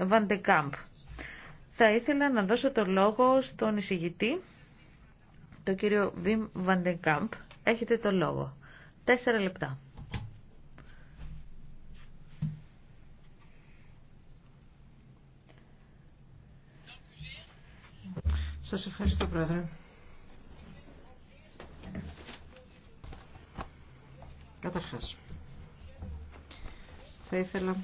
Βαντεκάμπ. Θα ήθελα να δώσω το λόγο στον εισηγητή, τον κύριο Βιμ Βαντεκάμπ. Έχετε το λόγο. Τέσσερα λεπτά. Σας ευχαριστώ, Πρόεδρε. Καταρχάς, θα ήθελα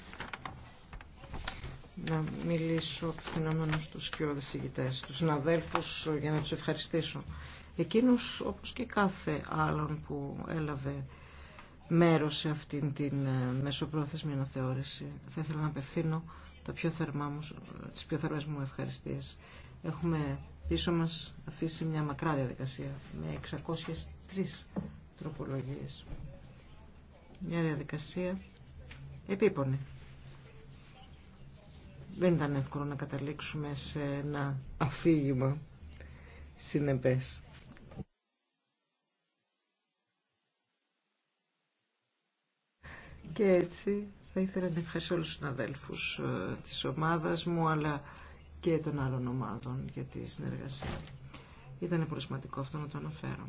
να μιλήσω απευθυνόμενο στους του ηγητέ, τους συναδέλφους για να τους ευχαριστήσω. Εκείνους όπως και κάθε άλλον που έλαβε μέρος σε αυτήν την ε, μεσοπρόθεσμη αναθεώρηση. Θα ήθελα να απευθύνω τα πιο θερμά μου, τις πιο θερμές μου ευχαριστίες. Έχουμε πίσω μας αφήσει μια μακρά διαδικασία με 603 τροπολογίες. Μια διαδικασία επίπονη δεν ήταν εύκολο να καταλήξουμε σε ένα αφήγημα συνεπές. Και έτσι θα ήθελα να ευχαριστήσω όλους τους συναδέλφους ε, της ομάδας μου αλλά και των άλλων ομάδων για τη συνεργασία. Ήταν πολύ σημαντικό αυτό να το αναφέρω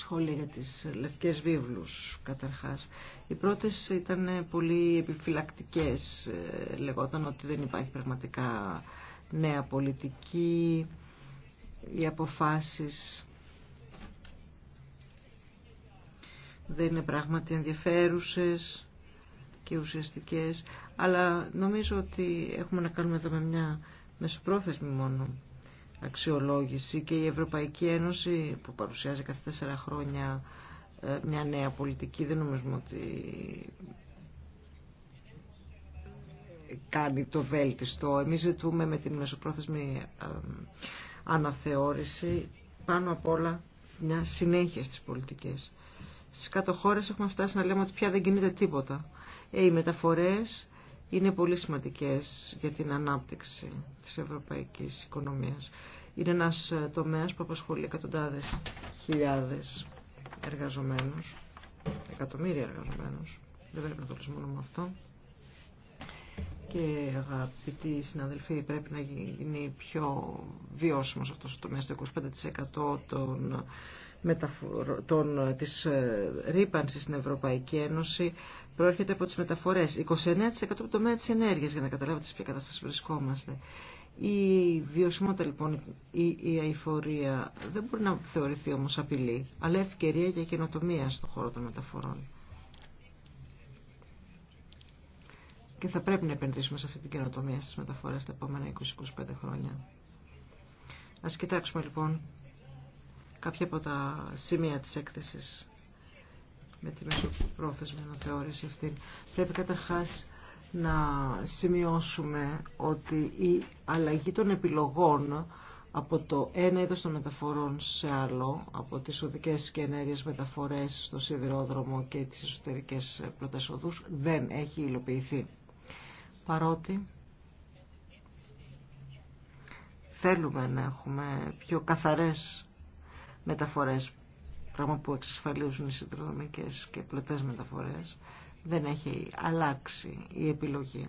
σχόλια για τις λευκές βίβλους καταρχάς. Οι πρώτες ήταν πολύ επιφυλακτικές, ε, λεγόταν ότι δεν υπάρχει πραγματικά νέα πολιτική, οι αποφάσεις δεν είναι πράγματι ενδιαφέρουσες και ουσιαστικές, αλλά νομίζω ότι έχουμε να κάνουμε εδώ με μια μεσοπρόθεσμη μόνο αξιολόγηση και η Ευρωπαϊκή Ένωση που παρουσιάζει κάθε τέσσερα χρόνια ε, μια νέα πολιτική δεν νομίζουμε ότι κάνει το βέλτιστο. Εμείς ζητούμε με την μεσοπρόθεσμη αναθεώρηση πάνω απ' όλα μια συνέχεια στις πολιτικές. Στις κάτω χώρες έχουμε φτάσει να λέμε ότι πια δεν κινείται τίποτα. Ε, οι μεταφορές είναι πολύ σημαντικές για την ανάπτυξη της ευρωπαϊκής οικονομίας. Είναι ένας ε, τομέας που απασχολεί εκατοντάδες χιλιάδες εργαζομένους, εκατομμύρια εργαζομένους. Δεν πρέπει να το μόνο με αυτό. Και αγαπητοί συναδελφοί, πρέπει να γίνει πιο βιώσιμος αυτός ο τομέας, το 25% των μεταφορο... Ε, της ε, ρήπανσης στην Ευρωπαϊκή Ένωση προέρχεται από τις μεταφορές. 29% από το τομέα της ενέργειας, για να καταλάβετε σε ποια κατάσταση βρισκόμαστε. Η βιωσιμότητα λοιπόν, η, η αηφορία δεν μπορεί να θεωρηθεί όμως απειλή, αλλά ευκαιρία για καινοτομία στον χώρο των μεταφορών. Και θα πρέπει να επενδύσουμε σε αυτή την καινοτομία στις μεταφορές τα επόμενα 20-25 χρόνια. Ας κοιτάξουμε λοιπόν κάποια από τα σημεία της έκθεσης με τη μεσοπρόθεσμη αναθεώρηση αυτή. Πρέπει καταρχάς να σημειώσουμε ότι η αλλαγή των επιλογών από το ένα είδος των μεταφορών σε άλλο, από τις οδικές και ενέργειες μεταφορές στο σιδηρόδρομο και τις εσωτερικές πλωτές οδούς, δεν έχει υλοποιηθεί. Παρότι θέλουμε να έχουμε πιο καθαρές μεταφορές, πράγμα που εξασφαλίζουν οι συνδρομικές και πλωτές μεταφορές, δεν έχει αλλάξει η επιλογή.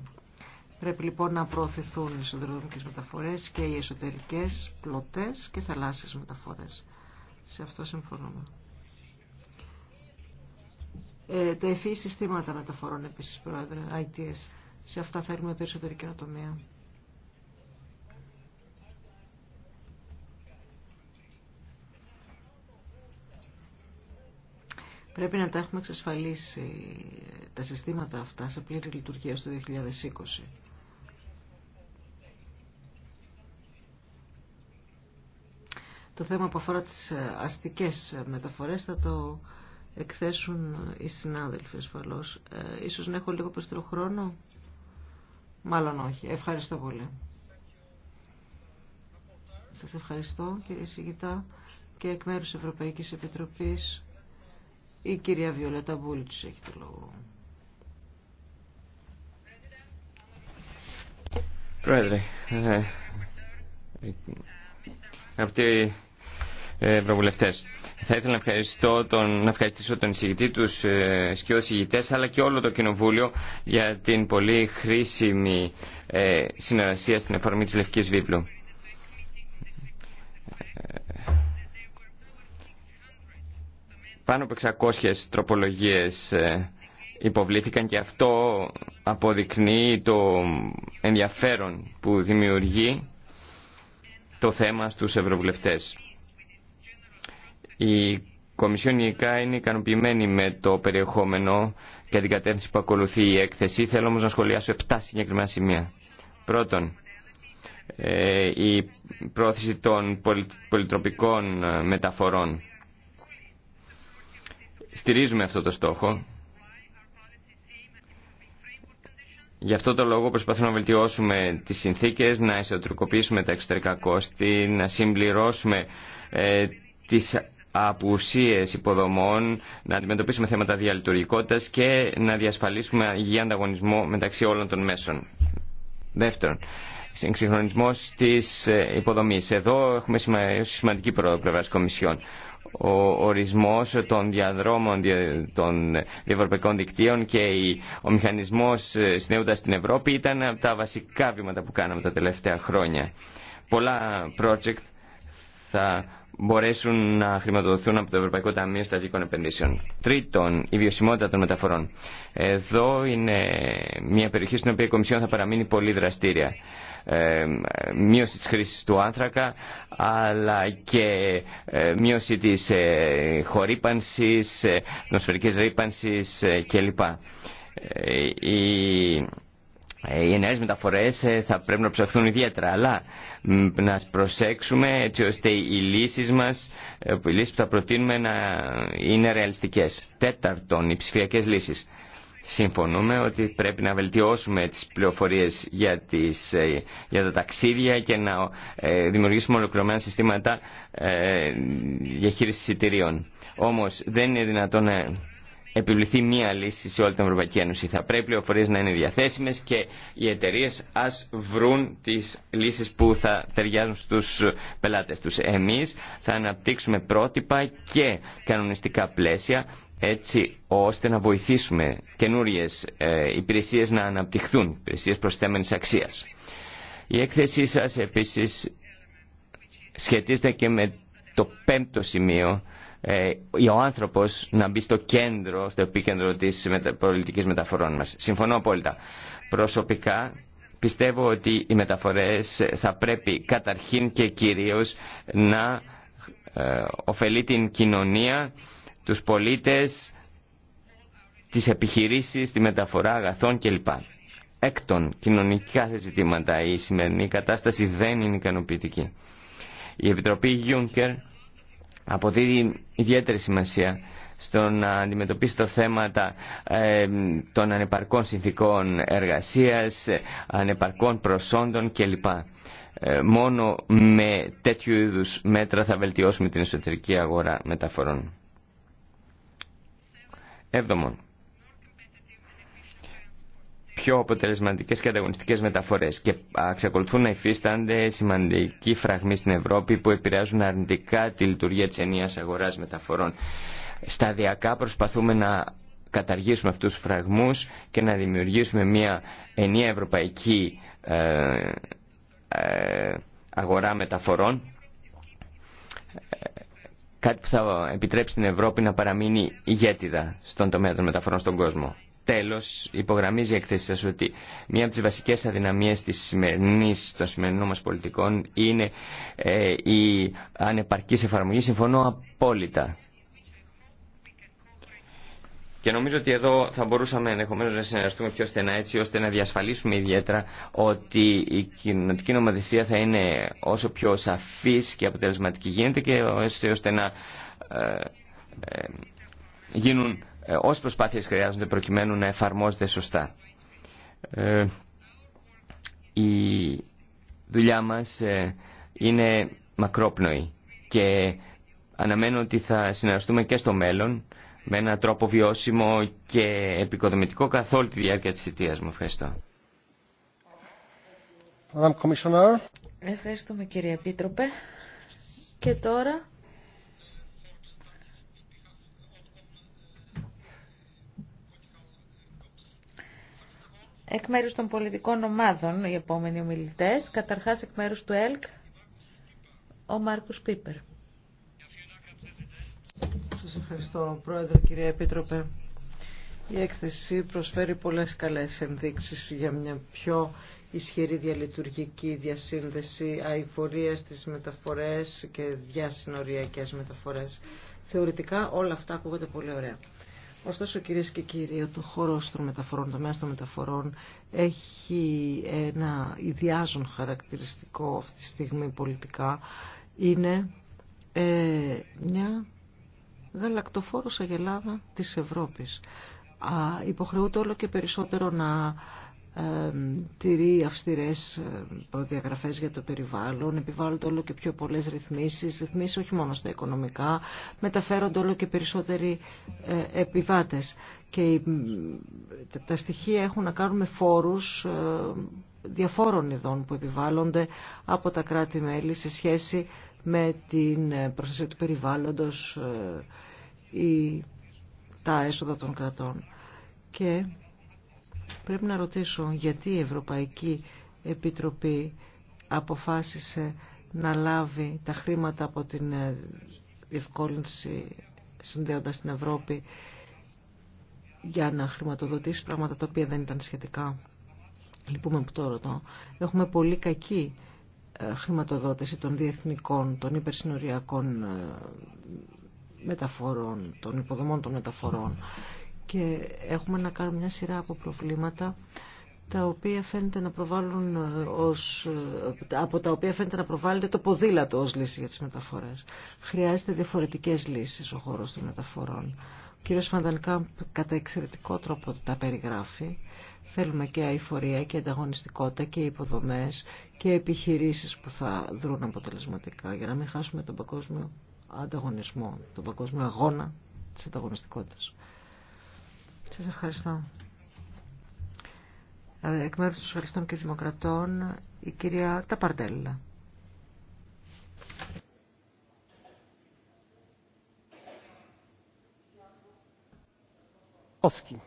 Πρέπει λοιπόν να προωθηθούν οι συνδρομικές μεταφορές και οι εσωτερικές πλωτές και θαλάσσιες μεταφορές. Σε αυτό συμφωνούμε. Ε, τα ευφύ συστήματα μεταφορών επίσης, Πρόεδρε, ITS. Σε αυτά θέλουμε περισσότερη καινοτομία. Πρέπει να τα έχουμε εξασφαλίσει τα συστήματα αυτά σε πλήρη λειτουργία στο 2020. Το θέμα που αφορά τις ε, αστικές μεταφορές θα το εκθέσουν οι συνάδελφοι ασφαλώς. Ε, ίσως να έχω λίγο περισσότερο χρόνο. Μάλλον όχι. Ευχαριστώ πολύ. Σας ευχαριστώ κύριε Σιγητά και εκ μέρους Ευρωπαϊκής Επιτροπής η κυρία Βιολέτα Βούλτς έχει το λόγο. Πρόεδρε, ε, αγαπητοί ε, ευρωβουλευτές, θα ήθελα να, τον, να ευχαριστήσω τον εισηγητή, τους ε, σκιώδους αλλά και όλο το Κοινοβούλιο για την πολύ χρήσιμη ε, συνεργασία στην εφαρμογή της Λευκής Βίβλου. Πάνω από 600 τροπολογίες ε, υποβλήθηκαν και αυτό αποδεικνύει το ενδιαφέρον που δημιουργεί το θέμα στους ευρωβουλευτές. Η Κομισιόν Ιεκά είναι ικανοποιημένη με το περιεχόμενο και την κατεύθυνση που ακολουθεί η έκθεση. Θέλω όμως να σχολιάσω 7 συγκεκριμένα σημεία. Πρώτον, ε, η πρόθεση των πολυτροπικών ε, μεταφορών στηρίζουμε αυτό το στόχο. Γι' αυτό το λόγο προσπαθούμε να βελτιώσουμε τις συνθήκες, να εσωτερικοποιήσουμε τα εξωτερικά κόστη, να συμπληρώσουμε ε, τις απουσίες υποδομών, να αντιμετωπίσουμε θέματα διαλειτουργικότητας και να διασφαλίσουμε υγιή ανταγωνισμό μεταξύ όλων των μέσων. Δεύτερον, συγχρονισμός της ε, υποδομής. Εδώ έχουμε σημαντική πρόοδο πλευράς Κομισιόν ο ορισμός των διαδρόμων των διευρωπαϊκών δικτύων και ο μηχανισμός ε, συνέοντας στην Ευρώπη ήταν από τα βασικά βήματα που κάναμε τα τελευταία χρόνια. Πολλά project θα μπορέσουν να χρηματοδοθούν από το Ευρωπαϊκό Ταμείο Στατικών Επενδύσεων. Τρίτον, η βιωσιμότητα των μεταφορών. Εδώ είναι μια περιοχή στην οποία η Κομισιόν θα παραμείνει πολύ δραστήρια. Ε, μείωση της χρήσης του άνθρακα αλλά και ε, μείωση της ε, χορύπανσης, νοσφαιρικής ρήπανσης κλπ. οι νέε μεταφορέ θα πρέπει να ψαχθούν ιδιαίτερα, αλλά να προσέξουμε έτσι ώστε οι λύσει μα οι λύσει που θα προτείνουμε να είναι ρεαλιστικέ. Τέταρτον, οι ψηφιακέ λύσει συμφωνούμε ότι πρέπει να βελτιώσουμε τις πληροφορίες για, τις, ε, για τα ταξίδια και να ε, δημιουργήσουμε ολοκληρωμένα συστήματα ε, διαχείρισης εισιτηρίων. Όμως δεν είναι δυνατόν να επιβληθεί μία λύση σε όλη την Ευρωπαϊκή Ένωση. Θα πρέπει οι πληροφορίες να είναι διαθέσιμες και οι εταιρείε ας βρουν τις λύσεις που θα ταιριάζουν στους πελάτες τους. Εμείς θα αναπτύξουμε πρότυπα και κανονιστικά πλαίσια έτσι ώστε να βοηθήσουμε καινούριε ε, υπηρεσίες να αναπτυχθούν, υπηρεσίες προσθέμενης αξίας. Η έκθεσή σας επίσης σχετίζεται και με το πέμπτο σημείο, ε, ο άνθρωπος να μπει στο κέντρο, στο επίκεντρο της πολιτικής μεταφορών μας. Συμφωνώ απόλυτα. Προσωπικά πιστεύω ότι οι μεταφορές θα πρέπει καταρχήν και κυρίως να ε, ωφελεί την κοινωνία τους πολίτες, τις επιχειρήσεις, τη μεταφορά αγαθών κλπ. Έκτον, κοινωνικά ζητήματα. Η σημερινή κατάσταση δεν είναι ικανοποιητική. Η Επιτροπή Juncker αποδίδει ιδιαίτερη σημασία στο να αντιμετωπίσει το θέματα των ανεπαρκών συνθήκων εργασίας, ανεπαρκών προσόντων κλπ. Ε, μόνο με τέτοιου είδους μέτρα θα βελτιώσουμε την εσωτερική αγορά μεταφορών. Έβδομον, πιο αποτελεσματικέ και ανταγωνιστικέ μεταφορές και εξακολουθούν να υφίστανται σημαντικοί φραγμοί στην Ευρώπη που επηρεάζουν αρνητικά τη λειτουργία της ενίας αγοράς μεταφορών. Σταδιακά προσπαθούμε να καταργήσουμε αυτούς τους φραγμούς και να δημιουργήσουμε μια ενία ευρωπαϊκή ε, ε, αγορά μεταφορών Κάτι που θα επιτρέψει την Ευρώπη να παραμείνει ηγέτιδα στον τομέα των μεταφορών στον κόσμο. Τέλος, υπογραμμίζει η εκθέση σα ότι μία από τις βασικές αδυναμίες τη σημερινή των σημερινών μα πολιτικών είναι ε, η ανεπαρκής εφαρμογή. Συμφωνώ απόλυτα. Και νομίζω ότι εδώ θα μπορούσαμε ενδεχομένω να συνεργαστούμε πιο στενά έτσι ώστε να διασφαλίσουμε ιδιαίτερα ότι η κοινωνική νομοθεσία θα είναι όσο πιο σαφής και αποτελεσματική γίνεται και ώστε να ε, ε, γίνουν ε, προσπάθειες χρειάζονται προκειμένου να εφαρμόζεται σωστά. Ε, η δουλειά μας είναι μακρόπνοη και αναμένω ότι θα συνεργαστούμε και στο μέλλον με έναν τρόπο βιώσιμο και επικοδομητικό καθ' όλη τη διάρκεια της θητείας μου. Ευχαριστώ. Ευχαριστούμε κύριε Επίτροπε. Και τώρα... Εκ μέρους των πολιτικών ομάδων οι επόμενοι ομιλητές, καταρχάς εκ μέρους του ΕΛΚ, ο Μάρκος Πίπερ. Σας ευχαριστώ, Πρόεδρε, κύριε Επίτροπε. Η έκθεση προσφέρει πολλές καλές ενδείξεις για μια πιο ισχυρή διαλειτουργική διασύνδεση αηφορία στις μεταφορές και διασυνοριακές μεταφορές. Θεωρητικά όλα αυτά ακούγονται πολύ ωραία. Ωστόσο κύριε και κύριοι, το χώρο των μεταφορών, το μέσο των μεταφορών έχει ένα ιδιάζον χαρακτηριστικό αυτή τη στιγμή πολιτικά. Είναι ε, μια γαλακτοφόρος αγελάδα της Ευρώπης. Α, υποχρεούται όλο και περισσότερο να ε, τηρεί αυστηρές ε, προδιαγραφές για το περιβάλλον, επιβάλλονται όλο και πιο πολλές ρυθμίσεις, ρυθμίσεις όχι μόνο στα οικονομικά, μεταφέρονται όλο και περισσότεροι ε, επιβάτες. Και τα στοιχεία έχουν να κάνουν με φόρους διαφόρων ειδών που επιβάλλονται από τα κράτη-μέλη σε σχέση με την ε, προστασία του περιβάλλοντος ε, ή τα έσοδα των κρατών. Και πρέπει να ρωτήσω γιατί η Ευρωπαϊκή Επιτροπή αποφάσισε να λάβει τα χρήματα από την ε, διευκόλυνση συνδέοντας την Ευρώπη για να χρηματοδοτήσει πράγματα τα οποία δεν ήταν σχετικά. Λυπούμε που το ρωτώ. Έχουμε πολύ κακή ε, χρηματοδότηση των διεθνικών, των υπερσυνοριακών ε, μεταφορών, των υποδομών των μεταφορών και έχουμε να κάνουμε μια σειρά από προβλήματα τα οποία φαίνεται να προβάλλουν ε, ως, από τα οποία φαίνεται να προβάλλεται το ποδήλατο ως λύση για τις μεταφορές. Χρειάζεται διαφορετικές λύσεις ο χώρος των μεταφορών. Ο κύριος Φαντανκάμπ κατά εξαιρετικό τρόπο τα περιγράφει Θέλουμε και αηφορία και ανταγωνιστικότητα και υποδομές και επιχειρήσεις που θα δρουν αποτελεσματικά για να μην χάσουμε τον παγκόσμιο ανταγωνισμό, τον παγκόσμιο αγώνα της ανταγωνιστικότητας. Σας ευχαριστώ. Ε, εκ μέρους των Σοσιαλιστών και Δημοκρατών, η κυρία Ταπαρτέλα. οσκι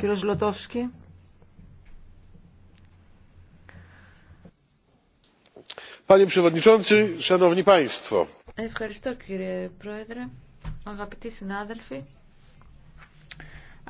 Κύριος Λοτόφσκι. Ευχαριστώ κύριε Πρόεδρε, αγαπητοί συνάδελφοι.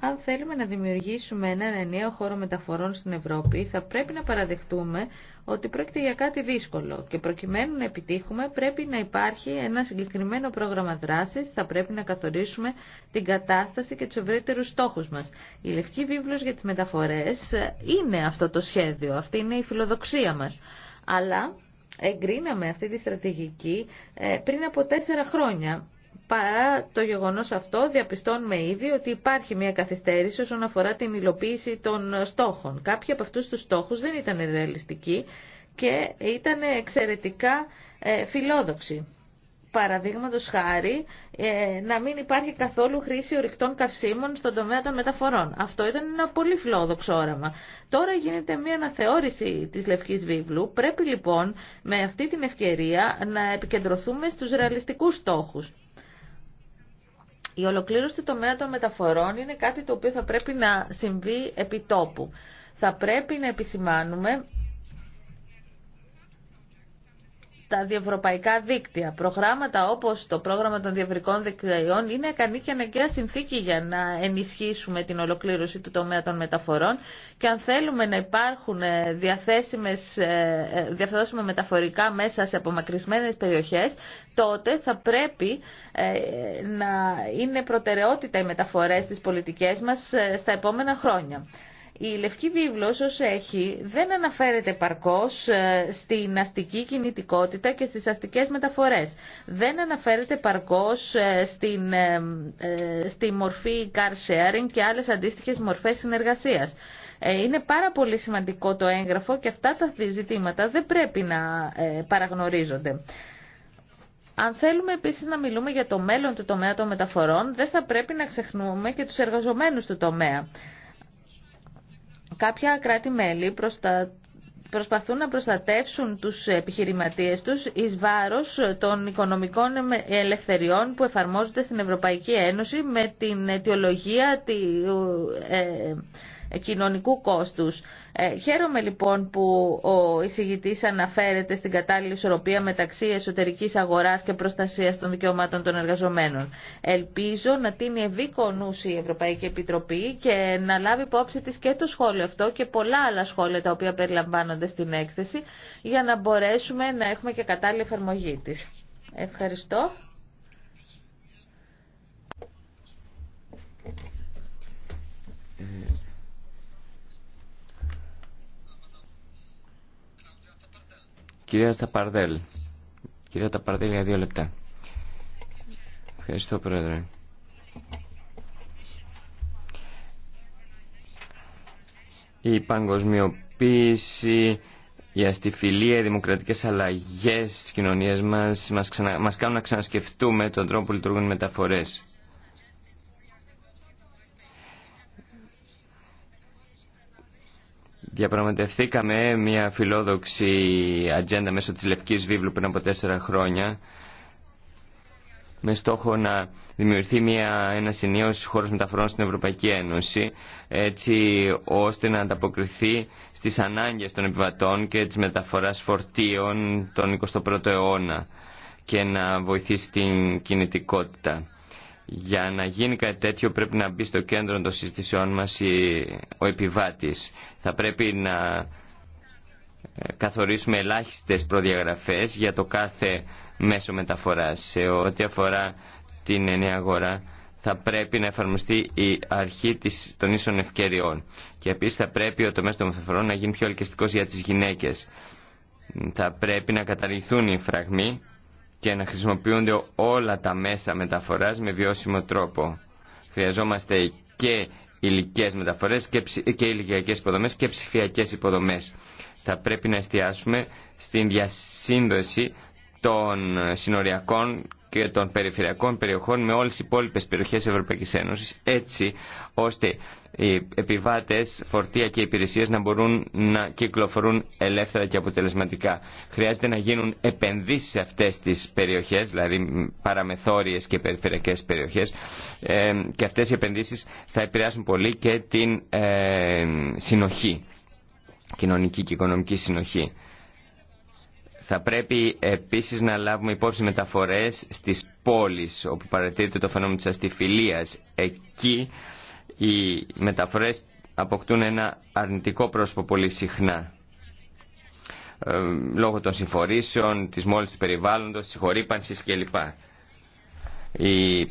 Αν θέλουμε να δημιουργήσουμε έναν ενιαίο χώρο μεταφορών στην Ευρώπη, θα πρέπει να παραδεχτούμε ότι πρόκειται για κάτι δύσκολο και προκειμένου να επιτύχουμε πρέπει να υπάρχει ένα συγκεκριμένο πρόγραμμα δράσης, θα πρέπει να καθορίσουμε την κατάσταση και τους ευρύτερους στόχους μας. Η Λευκή Βίβλος για τις μεταφορές είναι αυτό το σχέδιο, αυτή είναι η φιλοδοξία μας. Αλλά εγκρίναμε αυτή τη στρατηγική ε, πριν από τέσσερα χρόνια Παρά το γεγονό αυτό, διαπιστώνουμε ήδη ότι υπάρχει μια καθυστέρηση όσον αφορά την υλοποίηση των στόχων. Κάποιοι από αυτού του στόχου δεν ήταν ρεαλιστικοί και ήταν εξαιρετικά ε, φιλόδοξοι. Παραδείγματο χάρη, ε, να μην υπάρχει καθόλου χρήση ορυκτών καυσίμων στον τομέα των μεταφορών. Αυτό ήταν ένα πολύ φιλόδοξο όραμα. Τώρα γίνεται μια αναθεώρηση τη Λευκής Βίβλου. Πρέπει λοιπόν με αυτή την ευκαιρία να επικεντρωθούμε στου ρεαλιστικού στόχου. Η ολοκλήρωση του τομέα των μεταφορών είναι κάτι το οποίο θα πρέπει να συμβεί επί τόπου. Θα πρέπει να επισημάνουμε τα διευρωπαϊκά δίκτυα. Προγράμματα όπως το πρόγραμμα των διευρικών δικτυαίων είναι ικανή και αναγκαία συνθήκη για να ενισχύσουμε την ολοκλήρωση του τομέα των μεταφορών και αν θέλουμε να υπάρχουν ε, διαθέσιμες, ε, ε, διαθέσιμε μεταφορικά μέσα σε απομακρυσμένες περιοχές, τότε θα πρέπει να είναι προτεραιότητα οι μεταφορές στις πολιτικές μας στα επόμενα χρόνια. Η Λευκή Βίβλος ως έχει δεν αναφέρεται παρκώς ε, στην αστική κινητικότητα και στις αστικές μεταφορές. Δεν αναφέρεται παρκώς ε, στην, ε, στη μορφή car sharing και άλλες αντίστοιχες μορφές συνεργασίας. Είναι πάρα πολύ σημαντικό το έγγραφο και αυτά τα ζητήματα δεν πρέπει να παραγνωρίζονται. Αν θέλουμε επίση να μιλούμε για το μέλλον του τομέα των μεταφορών, δεν θα πρέπει να ξεχνούμε και του εργαζομένου του τομέα κάποια κράτη-μέλη προσπαθούν να προστατεύσουν τους επιχειρηματίες τους εις βάρος των οικονομικών ελευθεριών που εφαρμόζονται στην Ευρωπαϊκή Ένωση με την αιτιολογία τη... Ε, κοινωνικού κόστους. Ε, χαίρομαι λοιπόν που ο εισηγητής αναφέρεται στην κατάλληλη ισορροπία μεταξύ εσωτερικής αγοράς και προστασίας των δικαιωμάτων των εργαζομένων. Ελπίζω να τίνει ευήκονους η Ευρωπαϊκή Επιτροπή και να λάβει υπόψη της και το σχόλιο αυτό και πολλά άλλα σχόλια τα οποία περιλαμβάνονται στην έκθεση για να μπορέσουμε να έχουμε και κατάλληλη εφαρμογή της. Ευχαριστώ. Ε, Κυρία Ταπαρδέλ. Κυρία Ταπαρδέλ για δύο λεπτά. Ευχαριστώ πρόεδρε. Η παγκοσμιοποίηση, η αστιφιλία, οι δημοκρατικές αλλαγές στις κοινωνίες μας μας, κάνουν να ξανασκεφτούμε τον τρόπο που λειτουργούν οι μεταφορές. Διαπραγματευθήκαμε μια φιλόδοξη ατζέντα μέσω της Λευκής Βίβλου πριν από τέσσερα χρόνια με στόχο να δημιουργηθεί μια, ένα ενίος χώρος μεταφορών στην Ευρωπαϊκή Ένωση έτσι ώστε να ανταποκριθεί στις ανάγκες των επιβατών και της μεταφοράς φορτίων τον 21ο αιώνα και να βοηθήσει την κινητικότητα. Για να γίνει κάτι τέτοιο πρέπει να μπει στο κέντρο των συζητησιών μας ο επιβάτης. Θα πρέπει να ε, καθορίσουμε ελάχιστες προδιαγραφές για το κάθε μέσο μεταφοράς. Σε ό,τι αφορά την νέα αγορά θα πρέπει να εφαρμοστεί η αρχή της, των ίσων ευκαιριών. Και επίσης θα πρέπει ο τομέας των μεταφορών να γίνει πιο ελκυστικός για τις γυναίκες. Θα πρέπει να καταργηθούν οι φραγμοί και να χρησιμοποιούνται όλα τα μέσα μεταφοράς με βιώσιμο τρόπο. Χρειαζόμαστε και υλικές μεταφορές και, και ηλικιακές υποδομές και ψηφιακές υποδομές. Θα πρέπει να εστιάσουμε στην διασύνδεση των συνοριακών και των περιφερειακών περιοχών με όλες τις υπόλοιπες περιοχές της Ευρωπαϊκής Ένωσης έτσι ώστε οι επιβάτες, φορτία και υπηρεσίες να μπορούν να κυκλοφορούν ελεύθερα και αποτελεσματικά. Χρειάζεται να γίνουν επενδύσεις σε αυτές τις περιοχές, δηλαδή παραμεθόριες και περιφερειακές περιοχές ε, και αυτές οι επενδύσεις θα επηρεάσουν πολύ και την ε, συνοχή, κοινωνική και οικονομική συνοχή. Θα πρέπει επίσης να λάβουμε υπόψη μεταφορές στις πόλεις όπου παρατηρείται το φαινόμενο της αστιφιλίας. Εκεί οι μεταφορές αποκτούν ένα αρνητικό πρόσωπο πολύ συχνά. Ε, λόγω των συμφορήσεων, της μόλις του περιβάλλοντος, της χορύπανσης κλπ. Οι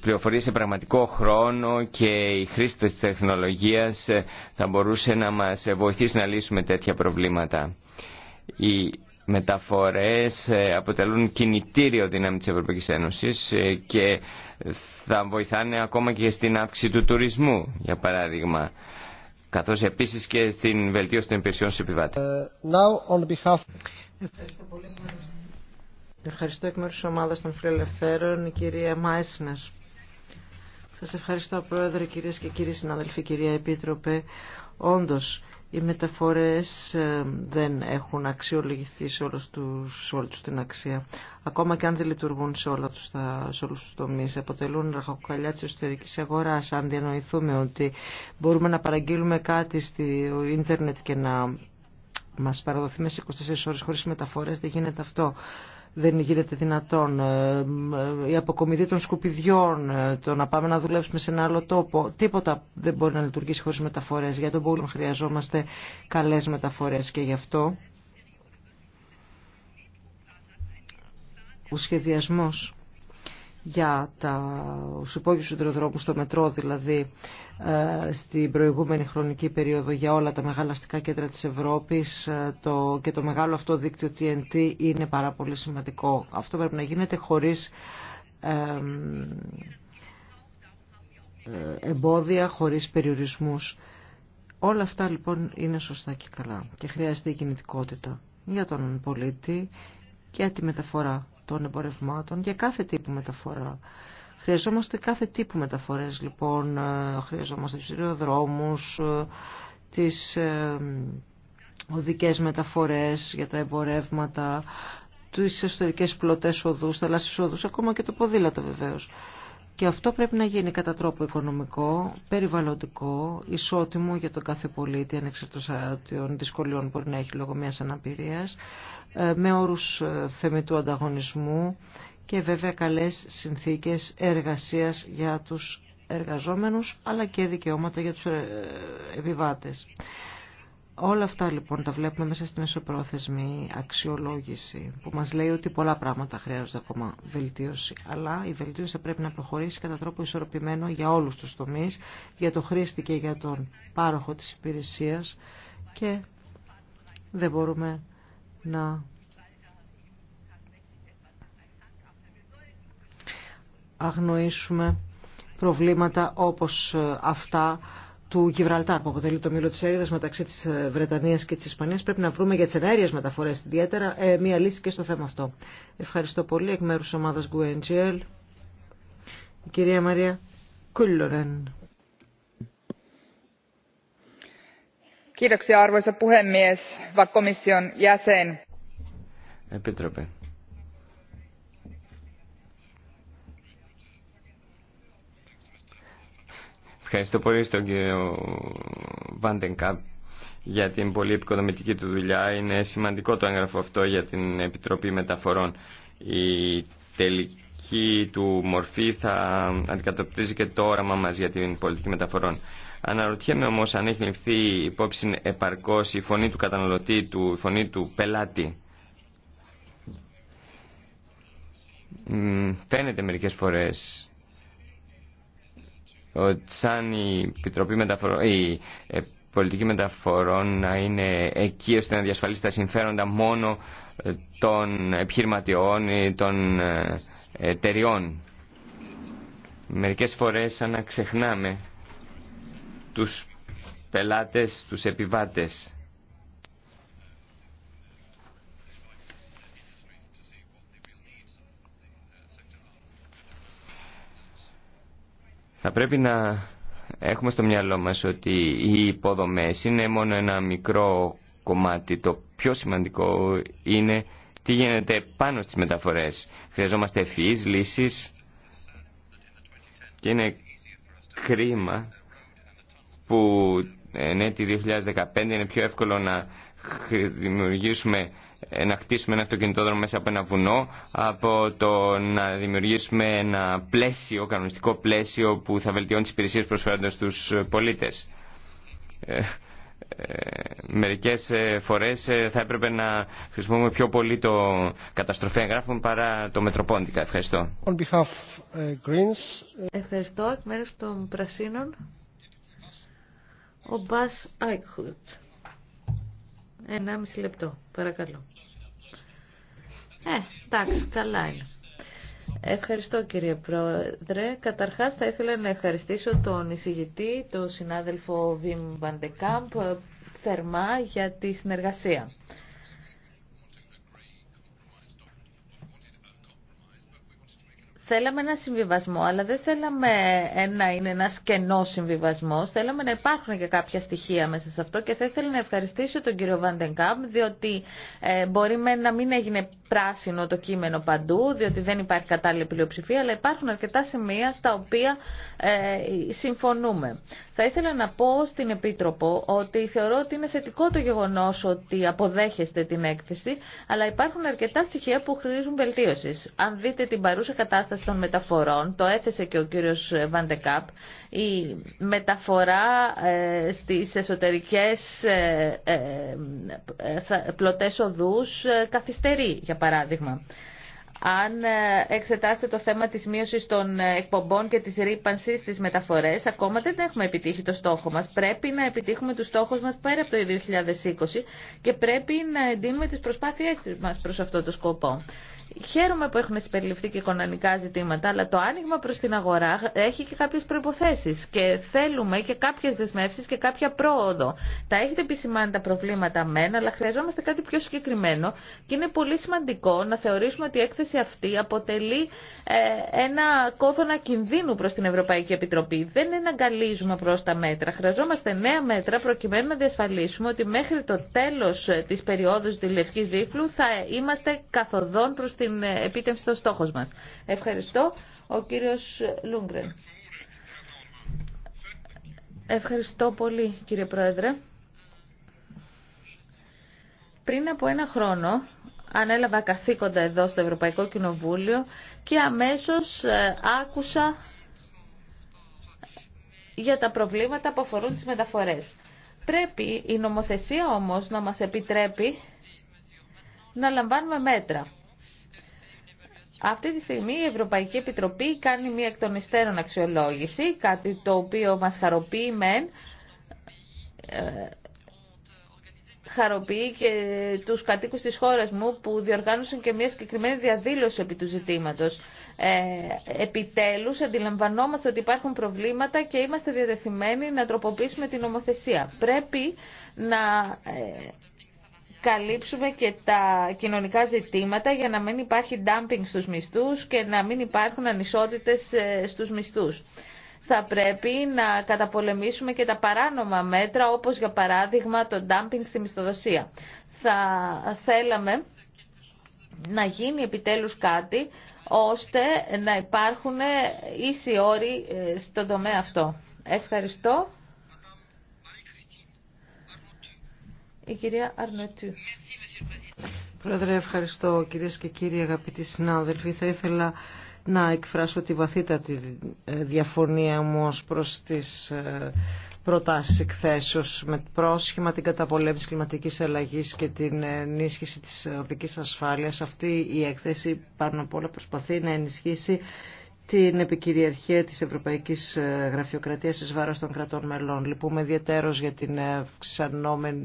πληροφορία σε πραγματικό χρόνο και η χρήση της τεχνολογίας θα μπορούσε να μας βοηθήσει να λύσουμε τέτοια προβλήματα. Η μεταφορές ε, αποτελούν κινητήριο δύναμη της Ευρωπαϊκής Ένωσης ε, και θα βοηθάνε ακόμα και στην αύξηση του τουρισμού, για παράδειγμα, καθώς επίσης και στην βελτίωση των υπηρεσιών στους επιβάτες. Ε, behalf... Ευχαριστώ Ευχαριστώ εκ μέρους της ομάδας των Φιλελευθέρων, η κυρία Μάισνερ. Σας ευχαριστώ, Πρόεδρε, κυρίες και κύριοι συναδελφοί, κυρία Επίτροπε. Όντως, οι μεταφορές ε, δεν έχουν αξιολογηθεί σε, όλους τους, σε όλη τους την αξία. Ακόμα και αν δεν λειτουργούν σε, όλα τους τα, σε όλους τους τομείς, αποτελούν ραχοκοκαλιά της εσωτερικής αγοράς. Αν διανοηθούμε ότι μπορούμε να παραγγείλουμε κάτι στο ίντερνετ και να μας παραδοθεί μέσα 24 ώρες χωρίς μεταφορές, δεν γίνεται αυτό δεν γίνεται δυνατόν, ε, ε, η αποκομιδή των σκουπιδιών, ε, το να πάμε να δουλέψουμε σε ένα άλλο τόπο, τίποτα δεν μπορεί να λειτουργήσει χωρίς μεταφορές. Για τον πόλεμο χρειαζόμαστε καλές μεταφορές και γι' αυτό ο σχεδιασμός για τα υπόγειους σιδηροδρόμους στο μετρό δηλαδή ε, στην προηγούμενη χρονική περίοδο για όλα τα μεγάλα αστικά κέντρα της Ευρώπης ε, το, και το μεγάλο αυτό δίκτυο TNT είναι πάρα πολύ σημαντικό. Αυτό πρέπει να γίνεται χωρίς ε, εμπόδια, χωρίς περιορισμούς. Όλα αυτά λοιπόν είναι σωστά και καλά και χρειάζεται η κινητικότητα για τον πολίτη και τη μεταφορά των εμπορευμάτων για κάθε τύπου μεταφορά. Χρειαζόμαστε κάθε τύπου μεταφορές λοιπόν, ε, χρειαζόμαστε τους δρόμους, ε, τις ε, οδικές μεταφορές για τα εμπορεύματα, τις εσωτερικές πλωτές οδούς, θαλάσσιες οδούς, ακόμα και το ποδήλατο βεβαίως. Και αυτό πρέπει να γίνει κατά τρόπο οικονομικό, περιβαλλοντικό, ισότιμο για τον κάθε πολίτη, ανεξαρτήτως των δυσκολιών που μπορεί να έχει λόγω μιας αναπηρίας, ε, με όρους ε, θεμητού ανταγωνισμού και βέβαια καλές συνθήκες εργασίας για τους εργαζόμενους, αλλά και δικαιώματα για τους ε, επιβάτες. Όλα αυτά λοιπόν τα βλέπουμε μέσα στη μεσοπρόθεσμη αξιολόγηση που μας λέει ότι πολλά πράγματα χρειάζονται ακόμα βελτίωση. Αλλά η βελτίωση θα πρέπει να προχωρήσει κατά τρόπο ισορροπημένο για όλους τους τομείς, για το χρήστη και για τον πάροχο της υπηρεσίας και δεν μπορούμε να αγνοήσουμε προβλήματα όπως αυτά του Γιβραλτάρ που αποτελεί το μήλο τη έρηδα μεταξύ τη ε, Βρετανία και τη Ισπανία. Πρέπει να βρούμε για τι ενέργειε μεταφορέ ιδιαίτερα ε, μία λύση και στο θέμα αυτό. Ευχαριστώ πολύ εκ μέρου τη ομάδα Γκουέντζιελ. Η κυρία Μαρία Κούλλορεν. arvoisa puhemies, komission jäsen. Επίτροπε, Ευχαριστώ πολύ στον κύριο Βαντενκάπ για την πολύ επικοδομητική του δουλειά. Είναι σημαντικό το έγγραφο αυτό για την Επιτροπή Μεταφορών. Η τελική του μορφή θα αντικατοπτρίζει και το όραμα μας για την πολιτική μεταφορών. Αναρωτιέμαι όμως αν έχει ληφθεί υπόψη επαρκώς η φωνή του καταναλωτή, του, η φωνή του πελάτη. Φαίνεται μερικές φορές σαν η, Επιτροπή η ε, πολιτική μεταφορών να είναι εκεί ώστε να διασφαλίσει τα συμφέροντα μόνο ε, των επιχειρηματιών ή των ε, εταιριών. Μερικές φορές σαν να ξεχνάμε τους πελάτες, τους επιβάτες. Θα πρέπει να έχουμε στο μυαλό μας ότι οι υποδομές είναι μόνο ένα μικρό κομμάτι. Το πιο σημαντικό είναι τι γίνεται πάνω στις μεταφορές. Χρειαζόμαστε ευφυείς λύσεις και είναι κρίμα που ε, ναι, τη 2015 είναι πιο εύκολο να δημιουργήσουμε να χτίσουμε ένα αυτοκινητόδρομο μέσα από ένα βουνό, από το να δημιουργήσουμε ένα πλαίσιο, κανονιστικό πλαίσιο που θα βελτιώνει τις υπηρεσίες προσφέροντας τους πολίτες. Ε, ε, μερικές ε, φορές θα έπρεπε να χρησιμοποιούμε πιο πολύ το καταστροφή εγγράφων παρά το μετροπόντικα. Ευχαριστώ. On behalf, Greens. Ευχαριστώ εκ μέρους των Πρασίνων. Ο Μπάς Άικχουτ. μισή λεπτό. Παρακαλώ. Ε, εντάξει, καλά είναι. Ευχαριστώ κύριε Πρόεδρε. Καταρχάς θα ήθελα να ευχαριστήσω τον εισηγητή, τον συνάδελφο Βιμ Βαντεκάμπ, θερμά για τη συνεργασία. Θέλαμε ένα συμβιβασμό, αλλά δεν θέλαμε να είναι ένα κενό συμβιβασμό. Θέλαμε να υπάρχουν και κάποια στοιχεία μέσα σε αυτό και θα ήθελα να ευχαριστήσω τον κύριο Βαντεγκάμ διότι ε, μπορεί με να μην έγινε πράσινο το κείμενο παντού, διότι δεν υπάρχει κατάλληλη πλειοψηφία, αλλά υπάρχουν αρκετά σημεία στα οποία ε, συμφωνούμε. Θα ήθελα να πω στην Επίτροπο ότι θεωρώ ότι είναι θετικό το γεγονό ότι αποδέχεστε την έκθεση, αλλά υπάρχουν αρκετά στοιχεία που χρήζουν βελτίωση. Αν δείτε την παρούσα κατάσταση των μεταφορών, το έθεσε και ο κύριος Βαντεκάπ, η μεταφορά ε, στις εσωτερικές ε, ε, πλωτές οδούς καθυστερεί, για παράδειγμα. Αν εξετάσετε το θέμα της μείωσης των εκπομπών και της ρήπανσης στις μεταφορές, ακόμα δεν έχουμε επιτύχει το στόχο μας. Πρέπει να επιτύχουμε τους στόχους μας πέρα από το 2020 και πρέπει να εντείνουμε τις προσπάθειές μας προς αυτό το σκοπό. Χαίρομαι που έχουν συμπεριληφθεί και οικονομικά ζητήματα, αλλά το άνοιγμα προ την αγορά έχει και κάποιε προποθέσει. και θέλουμε και κάποιε δεσμεύσει και κάποια πρόοδο. Τα έχετε επισημάνει τα προβλήματα μεν, αλλά χρειαζόμαστε κάτι πιο συγκεκριμένο και είναι πολύ σημαντικό να θεωρήσουμε ότι η έκθεση αυτή αποτελεί ε, ένα κόδωνα κινδύνου προ την Ευρωπαϊκή Επιτροπή. Δεν είναι εναγκαλίζουμε προς τα μέτρα. Χρειαζόμαστε νέα μέτρα προκειμένου να διασφαλίσουμε ότι μέχρι το τέλο τη περίοδου τη Λευκή Βίφλου θα είμαστε καθοδόν στην επίτευξη των στόχων μας. Ευχαριστώ. Ο κύριος Λούγκρεν. Ευχαριστώ πολύ κύριε Πρόεδρε. Πριν από ένα χρόνο ανέλαβα καθήκοντα εδώ στο Ευρωπαϊκό Κοινοβούλιο και αμέσως ε, άκουσα για τα προβλήματα που αφορούν τις μεταφορές. Πρέπει η νομοθεσία όμως να μας επιτρέπει να λαμβάνουμε μέτρα. Αυτή τη στιγμή η Ευρωπαϊκή Επιτροπή κάνει μία εκ των υστέρων αξιολόγηση, κάτι το οποίο μας χαροποιεί μεν, ε, χαροποιεί και τους κατοίκους της χώρας μου που διοργάνωσαν και μια συγκεκριμένη διαδήλωση επί του ζητήματος. Ε, επιτέλους αντιλαμβανόμαστε ότι υπάρχουν προβλήματα και είμαστε διαδεθειμένοι να τροποποιήσουμε την νομοθεσία. Πρέπει να ε, καλύψουμε και τα κοινωνικά ζητήματα για να μην υπάρχει dumping στους μισθούς και να μην υπάρχουν ανισότητες ε, στους μισθούς. Θα πρέπει να καταπολεμήσουμε και τα παράνομα μέτρα, όπως για παράδειγμα το dumping στη μισθοδοσία. Θα θέλαμε να γίνει επιτέλους κάτι, ώστε να υπάρχουν ίσοι όροι ε, στον τομέα αυτό. Ευχαριστώ. η κυρία Αρνετού. Πρόεδρε, ευχαριστώ κυρίες και κύριοι αγαπητοί συνάδελφοι. Θα ήθελα να εκφράσω τη βαθύτατη διαφωνία μου ως προς τις ε, προτάσεις εκθέσεως με πρόσχημα την καταπολέμηση κλιματικής αλλαγής και την ενίσχυση της οδικής ασφάλειας. Αυτή η έκθεση πάνω απ' όλα προσπαθεί να ενισχύσει την επικυριαρχία της Ευρωπαϊκής ε, Γραφειοκρατίας εις βάρος των κρατών μελών. Λυπούμε ιδιαίτερος για την,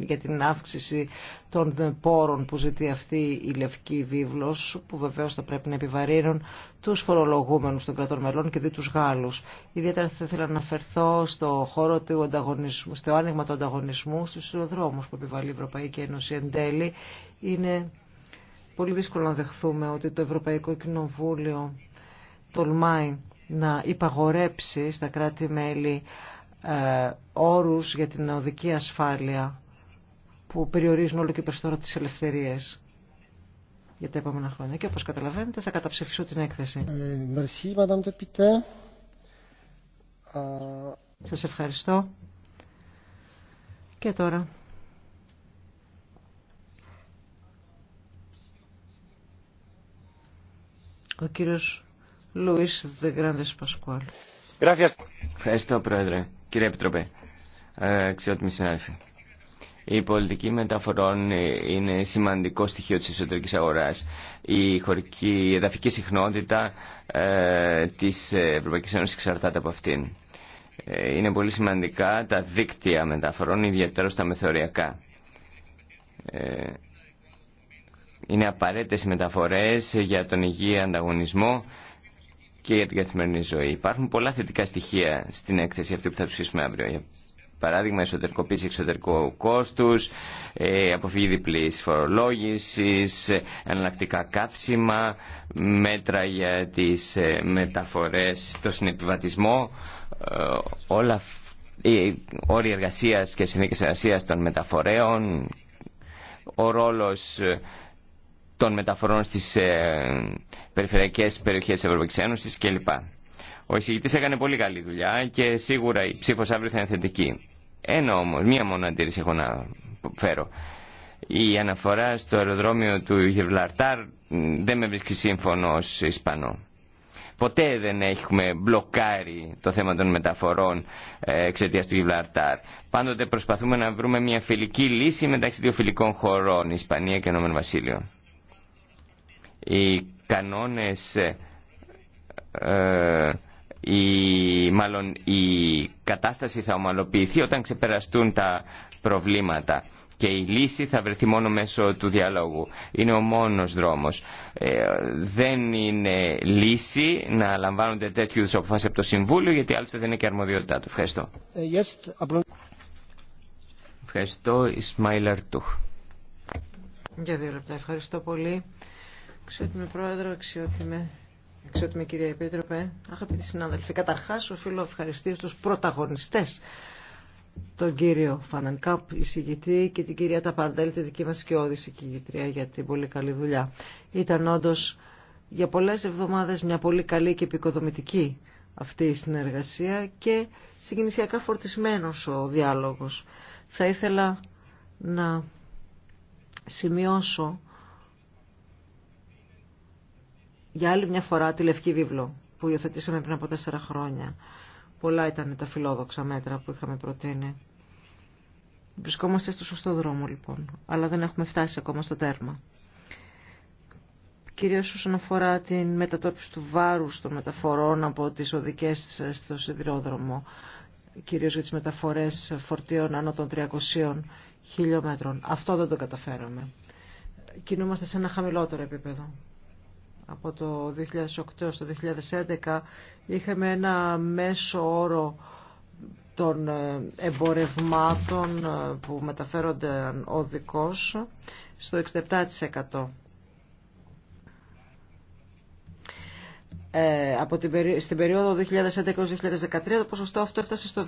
για την αύξηση των πόρων που ζητεί αυτή η Λευκή Βίβλος, που βεβαίως θα πρέπει να επιβαρύνουν τους φορολογούμενους των κρατών μελών και δι' τους Γάλλους. Ιδιαίτερα θα ήθελα να αναφερθώ στο χώρο του ανταγωνισμού, στο άνοιγμα του ανταγωνισμού, στους σειροδρόμους που επιβάλλει η Ευρωπαϊκή Ένωση εν τέλει. Είναι πολύ δύσκολο να δεχθούμε ότι το Ευρωπαϊκό Κοινοβούλιο τολμάει να υπαγορέψει στα κράτη-μέλη ε, όρους για την οδική ασφάλεια που περιορίζουν όλο και περισσότερο τις ελευθερίες για τα επόμενα χρόνια. Και όπως καταλαβαίνετε θα καταψηφίσω την έκθεση. Ε, Σας ευχαριστώ. Και τώρα... Ο κύριος Λουίς Δεγκράντες Πασκουάλ. Ευχαριστώ Πρόεδρε. Κύριε Επιτροπέ, αξιότιμη συνάδελφη. Η πολιτική μεταφορών είναι σημαντικό στοιχείο της εσωτερικής αγοράς. Η, χωρική, η εδαφική συχνότητα ε, της Ευρωπαϊκής Ένωσης εξαρτάται από αυτήν. Ε, είναι πολύ σημαντικά τα δίκτυα μεταφορών, ιδιαίτερα στα μεθοριακά. Ε, είναι απαραίτητες οι μεταφορές για τον υγιή ανταγωνισμό και για την καθημερινή ζωή. Υπάρχουν πολλά θετικά στοιχεία στην έκθεση αυτή που θα ψηφίσουμε αύριο. Για παράδειγμα, εσωτερικοποίηση εξωτερικού κόστου, ε, αποφυγή διπλή φορολόγηση, εναλλακτικά κάψιμα, μέτρα για τι ε, μεταφορέ, το συνεπιβατισμό, ε, όλα όροι εργασία και συνθήκε εργασίας των μεταφορέων, ο ρόλος των μεταφορών στις ε, περιφερειακές περιοχές της Ευρωπαϊκής Ένωσης κλπ. Ο εισηγητής έκανε πολύ καλή δουλειά και σίγουρα η ψήφος αύριο θα είναι θετική. Ένα όμως, μία μόνο αντίρρηση έχω να φέρω. Η αναφορά στο αεροδρόμιο του Γιβλαρτάρ δεν με βρίσκει σύμφωνο ως Ισπανό. Ποτέ δεν έχουμε μπλοκάρει το θέμα των μεταφορών ε, εξαιτία του Γιβλαρτάρ. Πάντοτε προσπαθούμε να βρούμε μια φιλική λύση μεταξύ δύο φιλικών χωρών, Ισπανία και Ενωμένο Βασίλειο οι κανόνες, ε, η, μάλλον η κατάσταση θα ομαλοποιηθεί όταν ξεπεραστούν τα προβλήματα και η λύση θα βρεθεί μόνο μέσω του διαλόγου. Είναι ο μόνος δρόμος. Ε, δεν είναι λύση να λαμβάνονται τέτοιου είδους αποφάσεις από το Συμβούλιο γιατί άλλωστε δεν είναι και αρμοδιότητά του. Ευχαριστώ. Ε, Ευχαριστώ Ισμαϊλ Αρτούχ. Για δύο λεπτά. Ευχαριστώ πολύ. Αξιότιμη Πρόεδρο, αξιότιμη, αξιότιμη κυρία Επίτροπε, αγαπητοί συνάδελφοι, καταρχάς οφείλω ευχαριστήσω τους πρωταγωνιστές τον κύριο Φανανκάπ, εισηγητή, και την κυρία Ταπαρντέλη, τη δική μας και όδηση για την πολύ καλή δουλειά. Ήταν όντω για πολλές εβδομάδες μια πολύ καλή και επικοδομητική αυτή η συνεργασία και συγκινησιακά φορτισμένος ο διάλογος. Θα ήθελα να σημειώσω για άλλη μια φορά τη Λευκή Βίβλο που υιοθετήσαμε πριν από τέσσερα χρόνια. Πολλά ήταν τα φιλόδοξα μέτρα που είχαμε προτείνει. Βρισκόμαστε στο σωστό δρόμο λοιπόν, αλλά δεν έχουμε φτάσει ακόμα στο τέρμα. κυριω όσον αφορά την μετατόπιση του βαρου των μεταφορών από τι οδικές στο σιδηρόδρομο, κυριω για τι μεταφορέ φορτίων άνω των 300 χιλιόμετρων. Αυτό δεν το καταφέραμε. Κινούμαστε σε ένα χαμηλότερο επίπεδο από το 2008 στο 2011 είχαμε ένα μέσο όρο των ε, εμπορευμάτων ε, που μεταφέρονται οδικός στο 67%. Ε, από την στην περίοδο 2011-2013 το ποσοστό αυτό έφτασε στο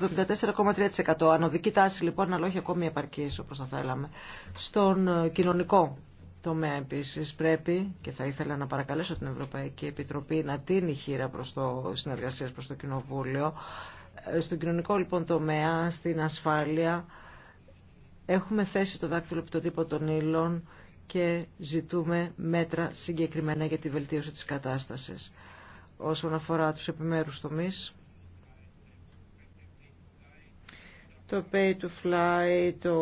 74,3%. Ανωδική τάση λοιπόν, αλλά όχι ακόμη επαρκής όπως θα θέλαμε. Στον κοινωνικό τομέα επίσης πρέπει και θα ήθελα να παρακαλέσω την Ευρωπαϊκή Επιτροπή να τίνει χείρα προς το συνεργασίας προς το Κοινοβούλιο. Ε, στον κοινωνικό λοιπόν τομέα, στην ασφάλεια, έχουμε θέσει το δάκτυλο επί το τύπο των Ήλων και ζητούμε μέτρα συγκεκριμένα για τη βελτίωση της κατάστασης. Όσον αφορά τους επιμέρους τομείς, το pay to fly, το,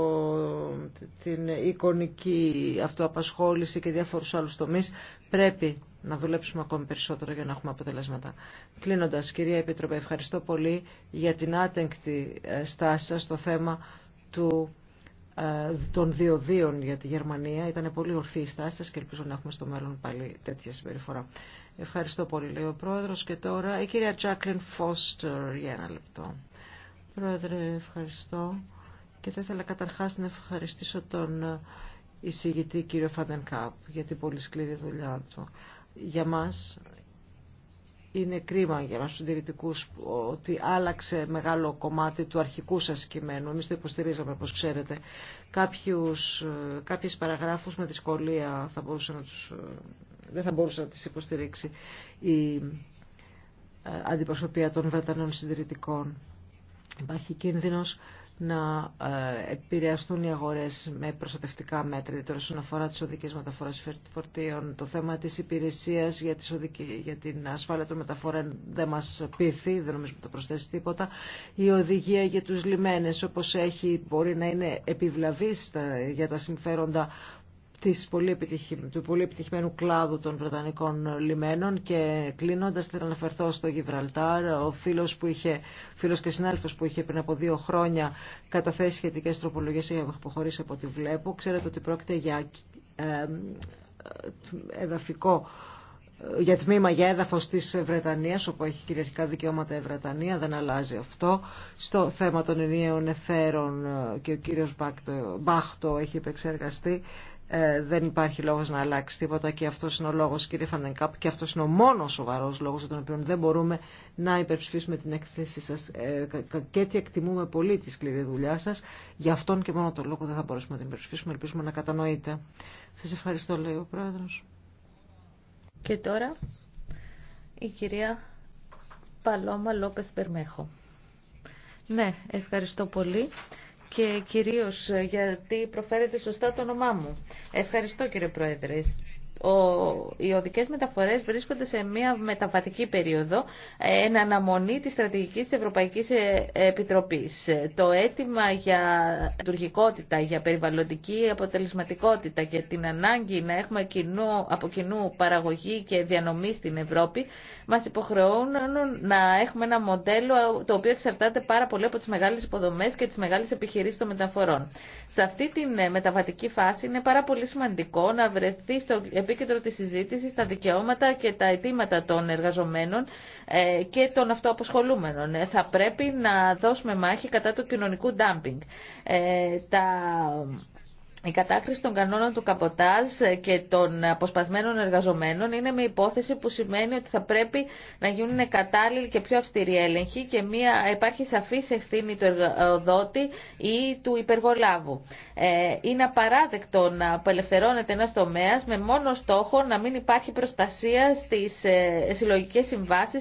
την εικονική αυτοαπασχόληση και διάφορους άλλους τομείς πρέπει να δουλέψουμε ακόμη περισσότερο για να έχουμε αποτελέσματα. Κλείνοντας, κυρία Επίτροπε, ευχαριστώ πολύ για την άτεγκτη ε, στάση σας στο θέμα του, ε, των διοδίων για τη Γερμανία. Ήταν πολύ ορθή η στάση σας και ελπίζω να έχουμε στο μέλλον πάλι τέτοια συμπεριφορά. Ευχαριστώ πολύ, λέει ο Πρόεδρος. Και τώρα η κυρία Τζάκλιν Φώστερ για ένα λεπτό. Πρόεδρε, ευχαριστώ. Και θα ήθελα καταρχάς να ευχαριστήσω τον εισηγητή κύριο Φαντενκάπ για την πολύ σκληρή δουλειά του. Για μας είναι κρίμα για μας συντηρητικούς ότι άλλαξε μεγάλο κομμάτι του αρχικού σας κειμένου. Εμείς το υποστηρίζαμε, όπως ξέρετε. Κάποιους, κάποιες παραγράφους με δυσκολία θα δεν θα μπορούσε να τις υποστηρίξει η ε, αντιπροσωπεία των Βρετανών συντηρητικών. Υπάρχει κίνδυνος να ε, επηρεαστούν οι αγορές με προστατευτικά μέτρα, ιδιαίτερα όσον αφορά τις οδικές μεταφορές φορτίων. Το θέμα της υπηρεσίας για, για την ασφάλεια των μεταφορών δεν μας πείθει, δεν νομίζω ότι θα προσθέσει τίποτα. Η οδηγία για τους λιμένες όπως έχει μπορεί να είναι επιβλαβής για τα συμφέροντα της πολύ του πολύ επιτυχημένου κλάδου των Βρετανικών λιμένων και κλείνοντας θέλω αναφερθώ στο Γιβραλτάρ ο φίλος, που είχε, φίλος και συνάδελφος που είχε πριν από δύο χρόνια καταθέσει σχετικές τροπολογίες για αποχωρήσει από ό,τι βλέπω ξέρετε ότι πρόκειται για εδαφικό για τμήμα για έδαφο τη Βρετανία, όπου έχει κυριαρχικά δικαιώματα η Βρετανία, δεν αλλάζει αυτό. Στο θέμα των ενιαίων εθέρων ε, και ο κύριο Μπάχτο έχει επεξεργαστεί. Ε, δεν υπάρχει λόγος να αλλάξει τίποτα και αυτός είναι ο λόγος κύριε Φαντενκάπ και αυτός είναι ο μόνος σοβαρός λόγος για τον οποίο δεν μπορούμε να υπερψηφίσουμε την έκθεση σας ε, και τι εκτιμούμε πολύ τη σκληρή δουλειά σας γι' αυτόν και μόνο τον λόγο δεν θα μπορέσουμε να την υπερψηφίσουμε ελπίζουμε να κατανοείτε Σας ευχαριστώ λέει ο Πρόεδρος Και τώρα η κυρία Παλώμα Λόπεθ Μπερμέχο Ναι, ευχαριστώ πολύ και κυρίως ε, γιατί προφέρετε σωστά το όνομά μου. Ευχαριστώ κύριε Πρόεδρε οι οδικές μεταφορές βρίσκονται σε μια μεταβατική περίοδο ε, εν αναμονή της στρατηγικής της Ευρωπαϊκής ε, Επιτροπής. Το αίτημα για λειτουργικότητα, για περιβαλλοντική αποτελεσματικότητα και την ανάγκη να έχουμε κοινού, από κοινού παραγωγή και διανομή στην Ευρώπη μας υποχρεώνουν να έχουμε ένα μοντέλο το οποίο εξαρτάται πάρα πολύ από τις μεγάλες υποδομές και τις μεγάλες επιχειρήσεις των μεταφορών. Σε αυτή τη ε, μεταβατική φάση είναι πάρα πολύ σημαντικό να βρεθεί στο επίκεντρο τη συζήτηση τα δικαιώματα και τα αιτήματα των εργαζομένων ε, και των αυτοαποσχολούμενων. Ε, θα πρέπει να δώσουμε μάχη κατά του κοινωνικού ντάμπινγκ. Ε, τα η κατάκριση των κανόνων του καποτάζ και των αποσπασμένων εργαζομένων είναι μια υπόθεση που σημαίνει ότι θα πρέπει να γίνουν κατάλληλοι και πιο αυστηροί έλεγχοι και μια, υπάρχει σε ευθύνη του εργοδότη ή του υπεργολάβου. Ε, είναι απαράδεκτο να απελευθερώνεται ένα τομέα με μόνο στόχο να μην υπάρχει προστασία στι ε, συλλογικές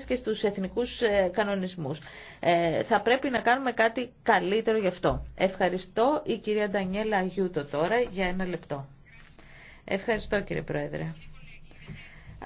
και στους εθνικούς ε, κανονισμούς. Ε, θα πρέπει να κάνουμε κάτι καλύτερο γι' αυτό. Ευχαριστώ η κυρία Ντανιέλα Γιούτο τώρα για ένα λεπτό. Ευχαριστώ κύριε Πρόεδρε.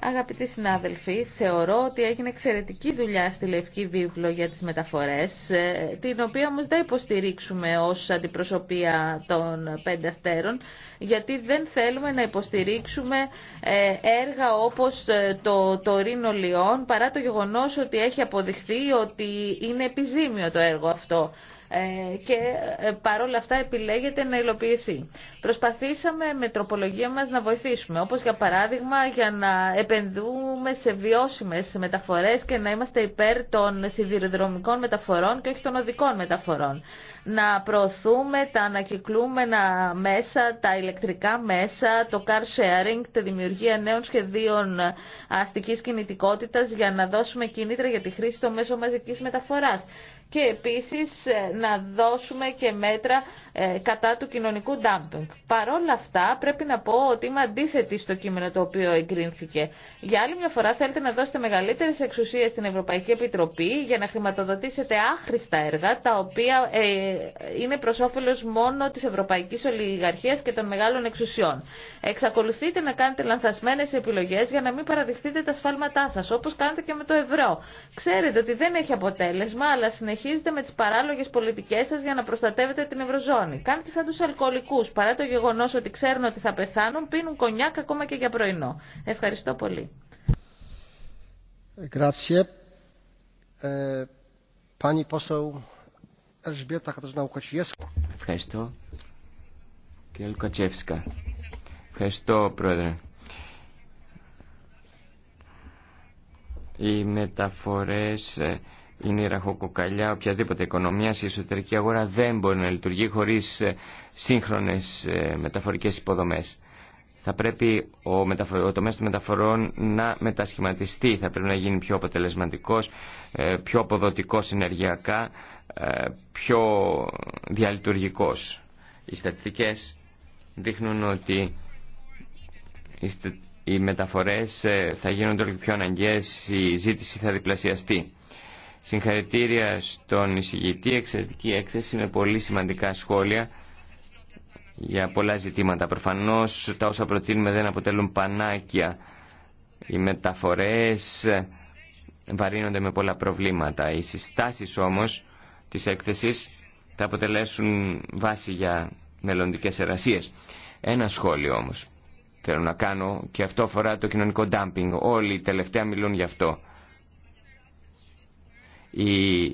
Αγαπητοί συνάδελφοι, θεωρώ ότι έγινε εξαιρετική δουλειά στη Λευκή Βίβλο για τις μεταφορές, ε, την οποία όμως δεν υποστηρίξουμε ως αντιπροσωπεία των πέντε αστέρων, γιατί δεν θέλουμε να υποστηρίξουμε ε, έργα όπως ε, το, το Ρήνο Λιών, παρά το γεγονός ότι έχει αποδειχθεί ότι είναι επιζήμιο το έργο αυτό. Ε, και ε, παρόλα αυτά επιλέγεται να υλοποιηθεί. Προσπαθήσαμε με τροπολογία μας να βοηθήσουμε, όπως για παράδειγμα για να επενδύουμε σε βιώσιμες μεταφορές και να είμαστε υπέρ των σιδηροδρομικών μεταφορών και όχι των οδικών μεταφορών. Να προωθούμε τα ανακυκλούμενα μέσα, τα ηλεκτρικά μέσα, το car sharing, τη δημιουργία νέων σχεδίων αστικής κινητικότητας για να δώσουμε κίνητρα για τη χρήση των μέσων μαζικής μεταφοράς και επίσης ε, να δώσουμε και μέτρα ε, κατά του κοινωνικού ντάμπινγκ. Παρόλα αυτά πρέπει να πω ότι είμαι αντίθετη στο κείμενο το οποίο εγκρίνθηκε. Για άλλη μια φορά θέλετε να δώσετε μεγαλύτερες εξουσίες στην Ευρωπαϊκή Επιτροπή για να χρηματοδοτήσετε άχρηστα έργα τα οποία ε, είναι προς όφελος μόνο της Ευρωπαϊκής Ολιγαρχίας και των μεγάλων εξουσιών. Εξακολουθείτε να κάνετε λανθασμένες επιλογές για να μην παραδειχθείτε τα σφάλματά σα, όπως κάνετε και με το ευρώ. Ξέρετε ότι δεν έχει αποτέλεσμα αλλά συνεχίζετε συνεχίζετε με τι παράλογες πολιτικέ σα για να προστατεύετε την Ευρωζώνη. Κάντε σαν του αλκοολικούς, παρά το γεγονό ότι ξέρουν ότι θα πεθάνουν, πίνουν κονιάκ ακόμα και για πρωινό. Ευχαριστώ πολύ. Ε, Ευχαριστώ. Κύριε Λουκατσέφσκα. Ευχαριστώ, Πρόεδρε. Οι μεταφορές ε, είναι η ραχοκοκαλιά οποιασδήποτε οικονομία. Η εσωτερική αγορά δεν μπορεί να λειτουργεί χωρίς ε, σύγχρονες ε, μεταφορικές υποδομές. Θα πρέπει ο, των μεταφορών να μετασχηματιστεί, θα πρέπει να γίνει πιο αποτελεσματικός, ε, πιο αποδοτικός ενεργειακά, πιο διαλειτουργικός. Οι στατιστικές δείχνουν ότι οι μεταφορές θα γίνονται όλο πιο αναγκαίες, η ζήτηση θα διπλασιαστεί. Συγχαρητήρια στον εισηγητή, εξαιρετική έκθεση με πολύ σημαντικά σχόλια για πολλά ζητήματα. Προφανώ, τα όσα προτείνουμε δεν αποτελούν πανάκια. Οι μεταφορέ, βαρύνονται με πολλά προβλήματα. Οι συστάσει όμω τη έκθεση θα αποτελέσουν βάση για μελλοντικέ εργασίε. Ένα σχόλιο όμω, θέλω να κάνω και αυτό αφορά το κοινωνικό ντάμπινγκ. Όλοι τελευταία μιλούν γι' αυτό οι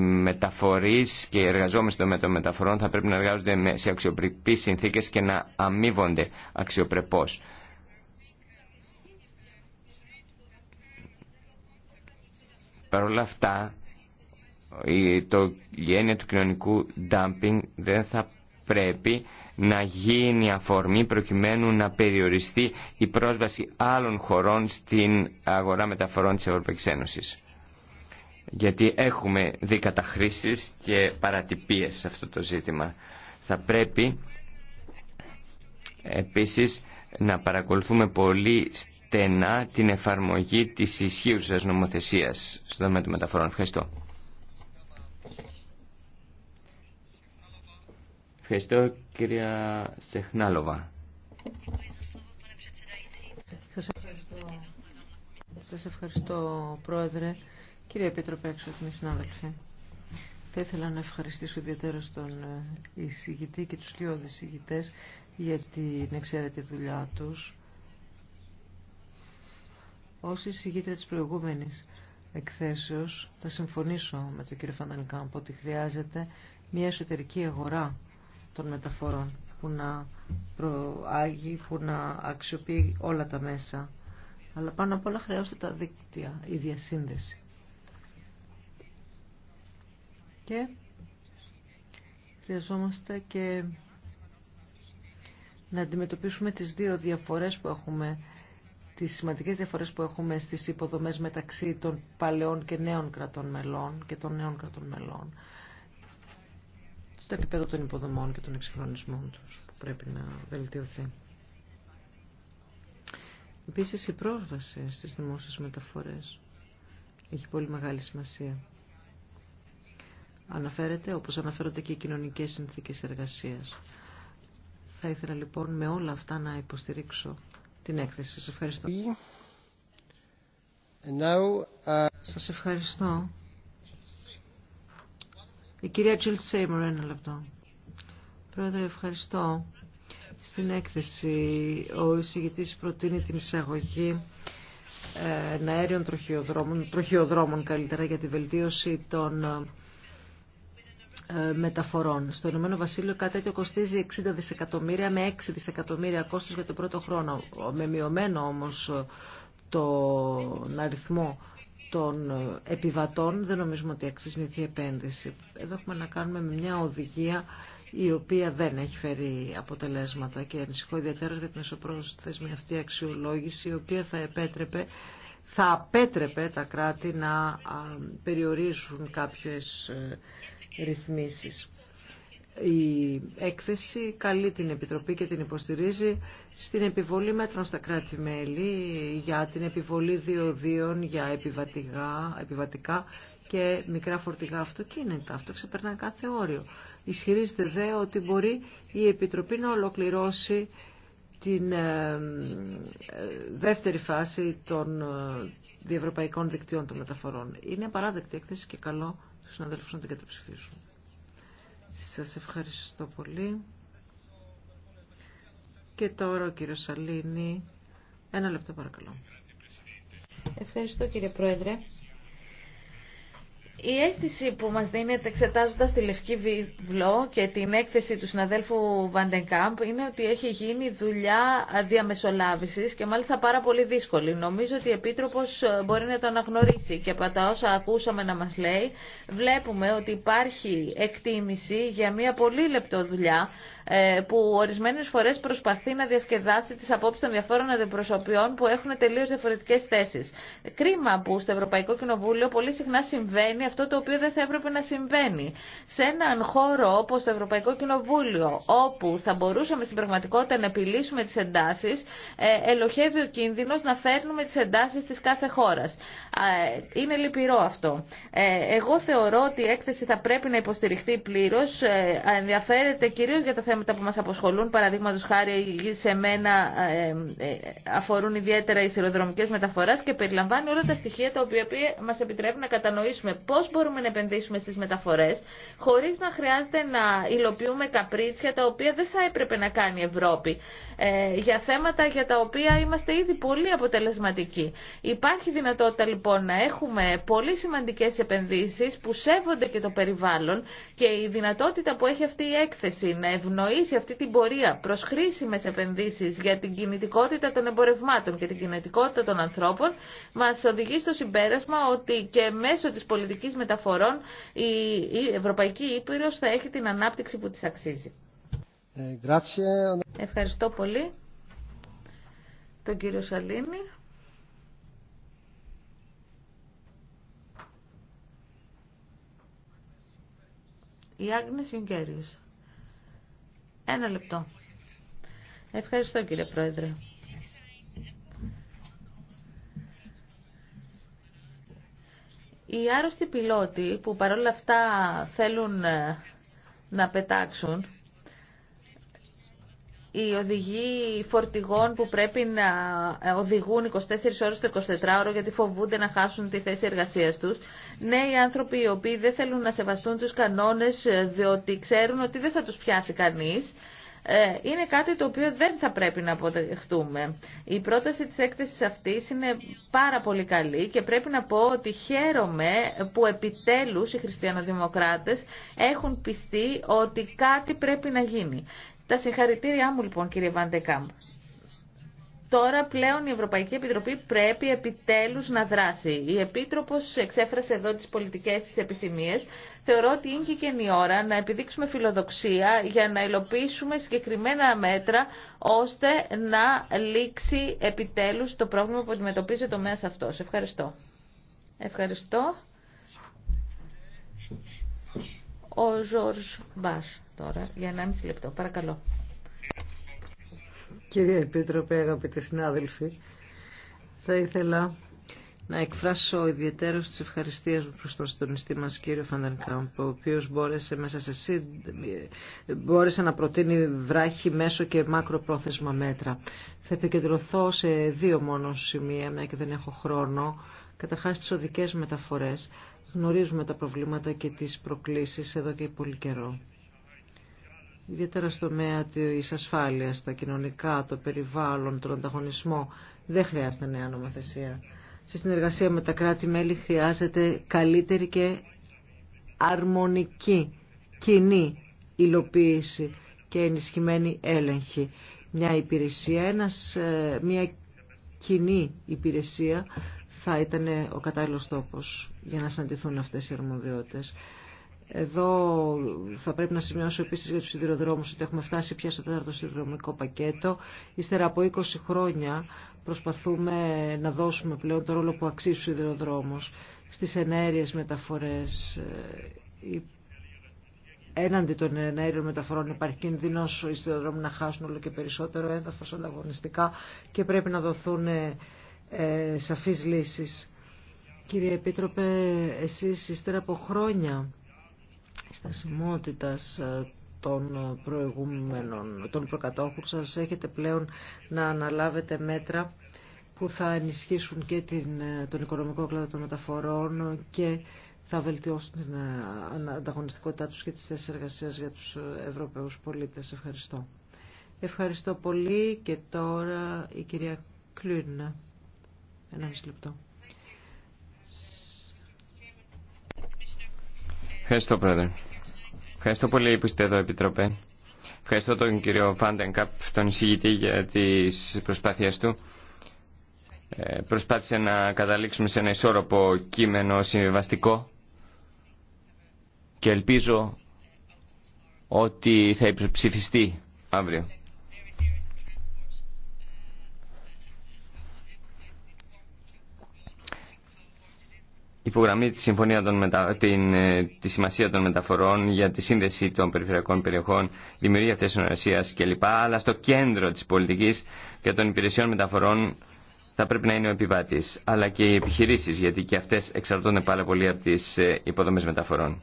μεταφορείς και οι εργαζόμενοι των μεταφορών θα πρέπει να εργάζονται σε αξιοπρεπείς συνθήκες και να αμείβονται αξιοπρεπώς. Παρ' όλα αυτά, η, το, έννοια του κοινωνικού dumping δεν θα πρέπει να γίνει αφορμή προκειμένου να περιοριστεί η πρόσβαση άλλων χωρών στην αγορά μεταφορών της Ευρωπαϊκής γιατί έχουμε δει καταχρήσεις και παρατυπίες σε αυτό το ζήτημα. Θα πρέπει επίσης να παρακολουθούμε πολύ στενά την εφαρμογή της ισχύουσας νομοθεσίας στον δομέα των μεταφορών. Ευχαριστώ. Ευχαριστώ κυρία Σεχνάλοβα. Σας ευχαριστώ. Σας ευχαριστώ πρόεδρε. Κύριε Επίτροπε, εξωτερικοί συνάδελφοι, θα ήθελα να ευχαριστήσω ιδιαίτερα τον ε, εισηγητή και τους δύο εισηγητές για την εξαίρετη δουλειά τους. Όσοι εισηγήτρια της προηγούμενης εκθέσεως θα συμφωνήσω με τον κύριο Φαντανικάμπο ότι χρειάζεται μια εσωτερική αγορά των μεταφορών που να προάγει, που να αξιοποιεί όλα τα μέσα. Αλλά πάνω απ' όλα χρειάζεται τα δίκτυα, η διασύνδεση. Και χρειαζόμαστε και να αντιμετωπίσουμε τις δύο διαφορές που έχουμε τις σημαντικές διαφορές που έχουμε στις υποδομές μεταξύ των παλαιών και νέων κρατών μελών και των νέων κρατών μελών στο επίπεδο των υποδομών και των εξυγχρονισμών τους που πρέπει να βελτιωθεί. Επίσης η πρόσβαση στις δημόσιες μεταφορές έχει πολύ μεγάλη σημασία αναφέρεται, όπως αναφέρονται και οι κοινωνικές συνθήκες εργασίας. Θα ήθελα λοιπόν με όλα αυτά να υποστηρίξω την έκθεση. Σας ευχαριστώ. Uh, Σας ευχαριστώ. Η κυρία Τζιλ Σέιμορ, ένα λεπτό. Πρόεδρε, ευχαριστώ. Στην έκθεση ο εισηγητής προτείνει την εισαγωγή ε, τροχιοδρόμων, τροχιοδρόμων καλύτερα για τη βελτίωση των ε, μεταφορών. Στο Ηνωμένο Βασίλειο κάτι τέτοιο κοστίζει 60 δισεκατομμύρια με 6 δισεκατομμύρια κόστος για τον πρώτο χρόνο. Με μειωμένο όμως ε, τον αριθμό των ε, επιβατών δεν νομίζουμε ότι αξίζει επένδυση. Εδώ έχουμε να κάνουμε μια οδηγία η οποία δεν έχει φέρει αποτελέσματα και ανησυχώ ιδιαίτερα για την εσωπρόσθεσμη αυτή αξιολόγηση η οποία θα επέτρεπε θα απέτρεπε τα κράτη να περιορίσουν κάποιες ρυθμίσεις. Η έκθεση καλεί την Επιτροπή και την υποστηρίζει στην επιβολή μέτρων στα κράτη-μέλη για την επιβολή διοδίων για επιβατικά, επιβατικά και μικρά φορτηγά αυτοκίνητα. Αυτό ξεπερνά κάθε όριο. Ισχυρίζεται δε ότι μπορεί η Επιτροπή να ολοκληρώσει την ε, ε, δεύτερη φάση των ε, διευρωπαϊκών δικτύων των μεταφορών. Είναι παράδεκτη έκθεση και καλό συναδέλφους να την καταψηφίσουν. Σας ευχαριστώ πολύ. Και τώρα ο κύριος Σαλίνη. Ένα λεπτό παρακαλώ. Ευχαριστώ κύριε Πρόεδρε. Η αίσθηση που μας δίνεται εξετάζοντας τη Λευκή Βιβλό και την έκθεση του συναδέλφου Βαντεγκάμπ είναι ότι έχει γίνει δουλειά διαμεσολάβησης και μάλιστα πάρα πολύ δύσκολη. Νομίζω ότι η Επίτροπος ε, μπορεί να το αναγνωρίσει και από τα όσα ακούσαμε να μας λέει βλέπουμε ότι υπάρχει εκτίμηση για μια πολύ λεπτό δουλειά ε, που ορισμένε φορέ προσπαθεί να διασκεδάσει τι απόψει των διαφόρων αντιπροσωπιών που έχουν τελείω διαφορετικέ θέσει. Κρίμα που στο Ευρωπαϊκό Κοινοβούλιο πολύ συχνά συμβαίνει αυτό το οποίο δεν θα έπρεπε να συμβαίνει. Σε έναν χώρο όπω το Ευρωπαϊκό Κοινοβούλιο, όπου θα μπορούσαμε στην πραγματικότητα να επιλύσουμε τις εντάσεις, ε, ελοχεύει ο κίνδυνο να φέρνουμε τι εντάσει τη κάθε χώρας. Ε, είναι λυπηρό αυτό. Ε, εγώ θεωρώ ότι η έκθεση θα πρέπει να υποστηριχθεί πλήρως. Ενδιαφέρεται κυρίω για τα θέματα που μα αποσχολούν, Παραδείγματο χάρη σε μένα αφορούν ιδιαίτερα οι σειροδρομικές μεταφορές και περιλαμβάνει όλα τα στοιχεία τα οποία μα επιτρέπουν να κατανοήσουμε πώ πώς μπορούμε να επενδύσουμε στις μεταφορές χωρίς να χρειάζεται να υλοποιούμε καπρίτσια τα οποία δεν θα έπρεπε να κάνει η Ευρώπη ε, για θέματα για τα οποία είμαστε ήδη πολύ αποτελεσματικοί. Υπάρχει δυνατότητα λοιπόν να έχουμε πολύ σημαντικές επενδύσεις που σέβονται και το περιβάλλον και η δυνατότητα που έχει αυτή η έκθεση να ευνοήσει αυτή την πορεία προς χρήσιμε επενδύσεις για την κινητικότητα των εμπορευμάτων και την κινητικότητα των ανθρώπων μας οδηγεί στο συμπέρασμα ότι και μέσω της πολιτικής μεταφορών η Ευρωπαϊκή Ήπειρος θα έχει την ανάπτυξη που της αξίζει. Ε, Ευχαριστώ πολύ τον κύριο Σαλίνη. Η Άγνες Ιουγκέριος. Ένα λεπτό. Ευχαριστώ κύριε Πρόεδρε. Οι άρρωστοι πιλότοι που παρόλα αυτά θέλουν ε, να πετάξουν, οι οδηγοί φορτηγών που πρέπει να ε, οδηγούν 24 ώρες το 24ωρο γιατί φοβούνται να χάσουν τη θέση εργασίας τους. Νέοι ναι, άνθρωποι οι οποίοι δεν θέλουν να σεβαστούν τους κανόνες ε, διότι ξέρουν ότι δεν θα τους πιάσει κανείς ε, είναι κάτι το οποίο δεν θα πρέπει να αποδεχτούμε. Η πρόταση της έκθεσης αυτής είναι πάρα πολύ καλή και πρέπει να πω ότι χαίρομαι που επιτέλους οι χριστιανοδημοκράτες έχουν πιστεί ότι κάτι πρέπει να γίνει. Τα συγχαρητήριά μου λοιπόν κύριε Βαντεκάμπ. Τώρα πλέον η Ευρωπαϊκή Επιτροπή πρέπει επιτέλους να δράσει. Η Επίτροπος εξέφρασε εδώ τις πολιτικές της επιθυμίες. Θεωρώ ότι είναι και η ώρα να επιδείξουμε φιλοδοξία για να υλοποιήσουμε συγκεκριμένα μέτρα ώστε να λήξει επιτέλους το πρόβλημα που αντιμετωπίζει το τομέας αυτός. Ευχαριστώ. Ευχαριστώ. Ο Ζορζ Μπάς τώρα για 1,5 λεπτό. Παρακαλώ. Κύριε Επίτροπε, αγαπητοί συνάδελφοι, θα ήθελα να εκφράσω ιδιαίτερο τις ευχαριστίες μου προς τον συντονιστή μας κύριο Φαντερκάμπ, ο οποίος μπόρεσε, μέσα σε μπόρεσε να προτείνει βράχη μέσο και μακροπρόθεσμα μέτρα. Θα επικεντρωθώ σε δύο μόνο σημεία, μια και δεν έχω χρόνο. Καταρχάς τις οδικές μεταφορές. Γνωρίζουμε τα προβλήματα και τις προκλήσεις εδώ και πολύ καιρό ιδιαίτερα στο μέα της ασφάλειας, τα κοινωνικά, το περιβάλλον, τον ανταγωνισμό, δεν χρειάζεται νέα νομοθεσία. Στη συνεργασία με τα κράτη-μέλη χρειάζεται καλύτερη και αρμονική, κοινή υλοποίηση και ενισχυμένη έλεγχη. Μια υπηρεσία, ένας, ε, μια κοινή υπηρεσία θα ήταν ο κατάλληλος τόπος για να συναντηθούν αυτές οι αρμοδιότητες. Εδώ θα πρέπει να σημειώσω επίση για του σιδηροδρόμους ότι έχουμε φτάσει πια στο τέταρτο σιδηροδρομικό πακέτο. Ύστερα από 20 χρόνια προσπαθούμε να δώσουμε πλέον το ρόλο που αξίζει ο σιδηροδρόμους στι ενέργειε μεταφορέ. Ε, έναντι των ενέργειων μεταφορών υπάρχει κίνδυνο οι σιδηροδρόμοι να χάσουν όλο και περισσότερο έδαφο ανταγωνιστικά και πρέπει να δοθούν ε, ε, σαφεί λύσει. Κύριε Επίτροπε, εσείς ύστερα από χρόνια στασιμότητας ε, των προηγούμενων, των προκατόχων σας, έχετε πλέον να αναλάβετε μέτρα που θα ενισχύσουν και την, ε, τον οικονομικό κλάδο των μεταφορών και θα βελτιώσουν την ε, ανταγωνιστικότητά τους και τις θέσεις εργασίας για τους Ευρωπαίους πολίτες. Ευχαριστώ. Ευχαριστώ πολύ και τώρα η κυρία Κλούνα. Ένα μισή λεπτό. Ευχαριστώ, Πρόεδρε. Ευχαριστώ πολύ που είστε εδώ, Επιτροπέ. Ευχαριστώ τον κύριο Καπ, τον εισηγητή, για τις προσπάθειες του. Ε, προσπάθησε να καταλήξουμε σε ένα ισόρροπο κείμενο συμβιβαστικό και ελπίζω ότι θα υπερψηφιστεί αύριο. υπογραμμίζει τη, συμφωνία των μετα... την, ε, τη σημασία των μεταφορών για τη σύνδεση των περιφερειακών περιοχών, δημιουργία θέσεων της κλπ. Αλλά στο κέντρο της πολιτικής και των υπηρεσιών μεταφορών θα πρέπει να είναι ο επιβάτης, αλλά και οι επιχειρήσεις, γιατί και αυτές εξαρτώνται πάρα πολύ από τις ε, υποδομές μεταφορών.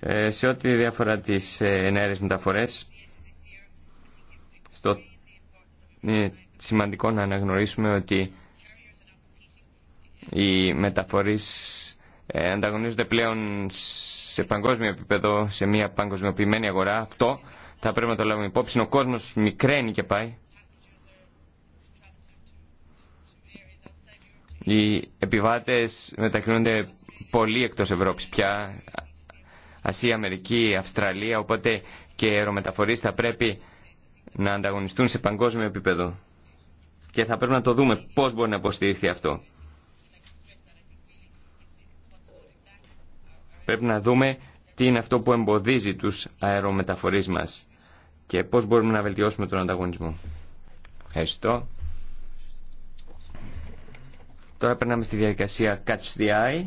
Ε, σε ό,τι διάφορα τι ενέργειες μεταφορέ, είναι σημαντικό να αναγνωρίσουμε ότι οι μεταφορείς ε, ανταγωνίζονται πλέον σε παγκόσμιο επίπεδο, σε μια παγκοσμιοποιημένη αγορά. Αυτό θα πρέπει να το λάβουμε υπόψη. Ο κόσμος μικραίνει και πάει. Οι επιβάτες μετακινούνται πολύ εκτός Ευρώπης πια. Ασία, Αμερική, Αυστραλία, οπότε και οι αερομεταφορείς θα πρέπει να ανταγωνιστούν σε παγκόσμιο επίπεδο. Και θα πρέπει να το δούμε πώς μπορεί να υποστηριχθεί αυτό. Πρέπει να δούμε τι είναι αυτό που εμποδίζει τους αερομεταφορείς μας και πώς μπορούμε να βελτιώσουμε τον ανταγωνισμό. Ευχαριστώ. Τώρα περνάμε στη διαδικασία Catch the Eye.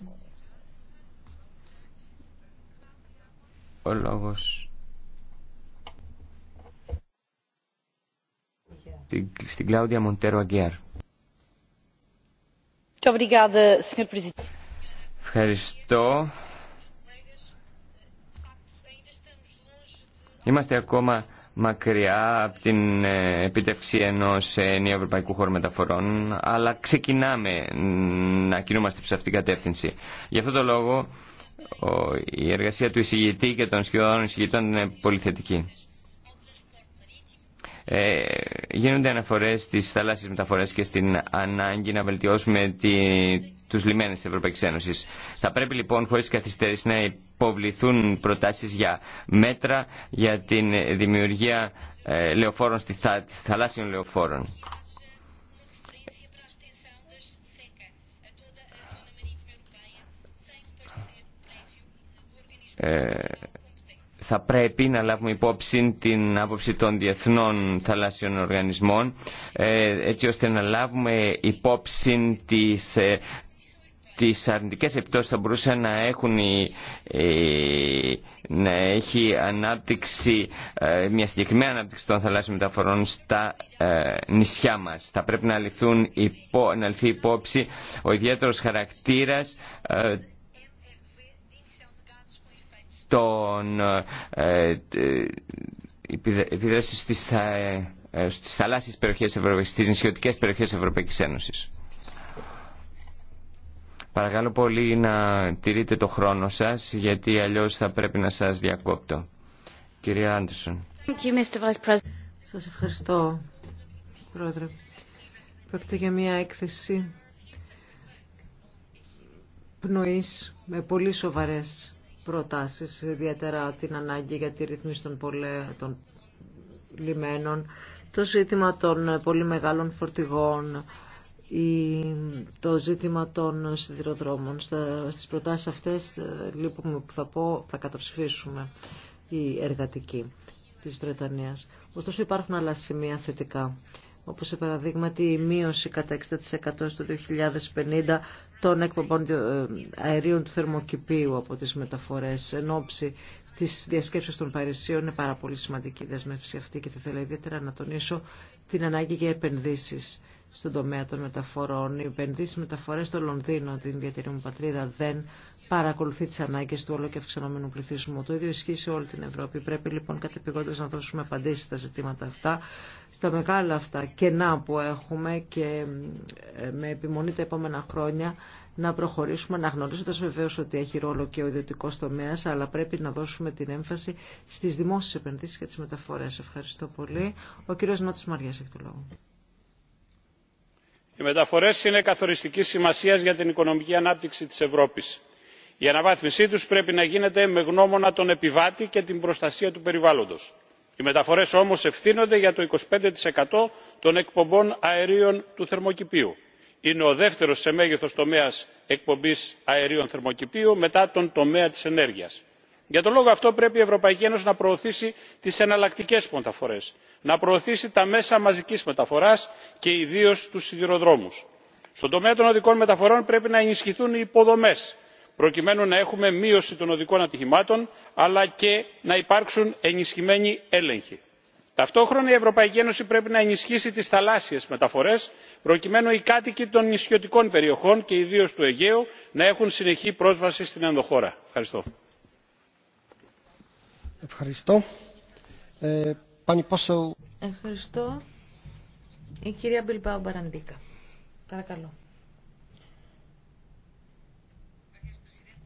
Ο λόγος... Στην Κλάουδια Μοντέρο Αγκιάρ. Ευχαριστώ. Είμαστε ακόμα μακριά από την ε, επιτεύξη ενός ε, νέου ευρωπαϊκού χώρου μεταφορών, αλλά ξεκινάμε να κινούμαστε σε αυτήν την κατεύθυνση. Γι' αυτό το λόγο η εργασία του εισηγητή και των σχεδόν εισηγητών είναι πολύ θετική. Ε, γίνονται αναφορές στις θαλάσσιες μεταφορές και στην ανάγκη να βελτιώσουμε τη, τους λιμένες της Ευρωπαϊκής Ένωσης. Θα πρέπει λοιπόν χωρίς καθυστέρηση να υποβληθούν προτάσεις για μέτρα για τη δημιουργία ε, λεωφόρων στη θα... θαλάσσιων λεωφόρων. Ε, θα πρέπει να λάβουμε υπόψη την άποψη των διεθνών θαλάσσιων οργανισμών ε, έτσι ώστε να λάβουμε υπόψη τις, τις αρνητικές επιπτώσεις θα μπορούσαν να έχουν ε, να έχει ανάπτυξη, ε, μια συγκεκριμένη ανάπτυξη των θαλάσσιων μεταφορών στα ε, νησιά μας. Θα πρέπει να, ληφθούν, να υπόψη ο ιδιαίτερος χαρακτήρας των επιδράσεων στις, στις θαλάσσιες Ευρωπαϊκής, νησιωτικές περιοχές Ευρωπαϊκής Ένωσης. Παρακαλώ πολύ να τηρείτε το χρόνο σας, γιατί αλλιώς θα πρέπει να σας διακόπτω. Κυρία Άντρισον. Σας ευχαριστώ, Πρόεδρε. Πρόκειται για μια έκθεση πνοής με πολύ σοβαρές προτάσεις, ιδιαίτερα την ανάγκη για τη ρυθμίση των, πολλέ, των λιμένων, το ζήτημα των πολύ μεγάλων φορτηγών, το ζήτημα των σιδηροδρόμων. Στα, στις προτάσεις αυτές, ε, λείπουμε που θα πω, θα καταψηφίσουμε η εργατική της Βρετανίας. Ωστόσο υπάρχουν άλλα σημεία θετικά, όπως σε παραδείγμα η μείωση κατά 60% στο 2050 των εκπομπών ε, αερίων του θερμοκηπίου από τις μεταφορές εν της διασκέψης των Παρισίων. Είναι πάρα πολύ σημαντική η δεσμεύση αυτή και θα ήθελα ιδιαίτερα να τονίσω την ανάγκη για επενδύσει στον τομέα των μεταφορών. Οι επενδύσει μεταφορέ στο Λονδίνο, την ιδιαίτερη μου πατρίδα, δεν παρακολουθεί τι ανάγκε του όλο και αυξανόμενου πληθυσμού. Το ίδιο ισχύει σε όλη την Ευρώπη. Πρέπει λοιπόν κατεπηγόντω να δώσουμε απαντήσει στα ζητήματα αυτά, στα μεγάλα αυτά κενά που έχουμε και ε, με επιμονή τα επόμενα χρόνια να προχωρήσουμε, να αναγνωρίζοντα βεβαίω ότι έχει ρόλο και ο ιδιωτικό τομέα, αλλά πρέπει να δώσουμε την έμφαση στι δημόσιε επενδύσει και τι μεταφορέ. Ευχαριστώ πολύ. Ο κύριο Νότη Μαριά έχει το λόγο. Οι μεταφορέ είναι καθοριστική σημασία για την οικονομική ανάπτυξη τη Ευρώπη. Η αναβάθμισή του πρέπει να γίνεται με γνώμονα τον επιβάτη και την προστασία του περιβάλλοντο. Οι μεταφορέ όμω ευθύνονται για το 25% των εκπομπών αερίων του θερμοκηπίου είναι ο δεύτερος σε μέγεθος τομέας εκπομπής αερίων θερμοκηπίου μετά τον τομέα της ενέργειας. για τον λόγο αυτό πρέπει η ευρωπαϊκή ένωση να προωθήσει τις εναλλακτικές μεταφορές να προωθήσει τα μέσα μαζικής μεταφοράς και ιδίως τους σιδηροδρόμους. στον τομέα των οδικών μεταφορών πρέπει να ενισχυθούν οι υποδομές προκειμένου να έχουμε μείωση των οδικών ατυχημάτων αλλά και να υπάρξουν ενισχυμένοι έλεγχοι ταυτόχρονα η ευρωπαϊκή ένωση πρέπει να ενισχύσει τις θαλάσσιες μεταφορές προκειμένου οι κάτοικοι των νησιωτικών περιοχών και ιδίως του αιγαίου να έχουν συνεχή πρόσβαση στην ενδοχώρα. ευχαριστώ. ευχαριστώ. Ε, ευχαριστώ. Η κυρία Μπιλμπάου Μπαραντίκα. Παρακαλώ.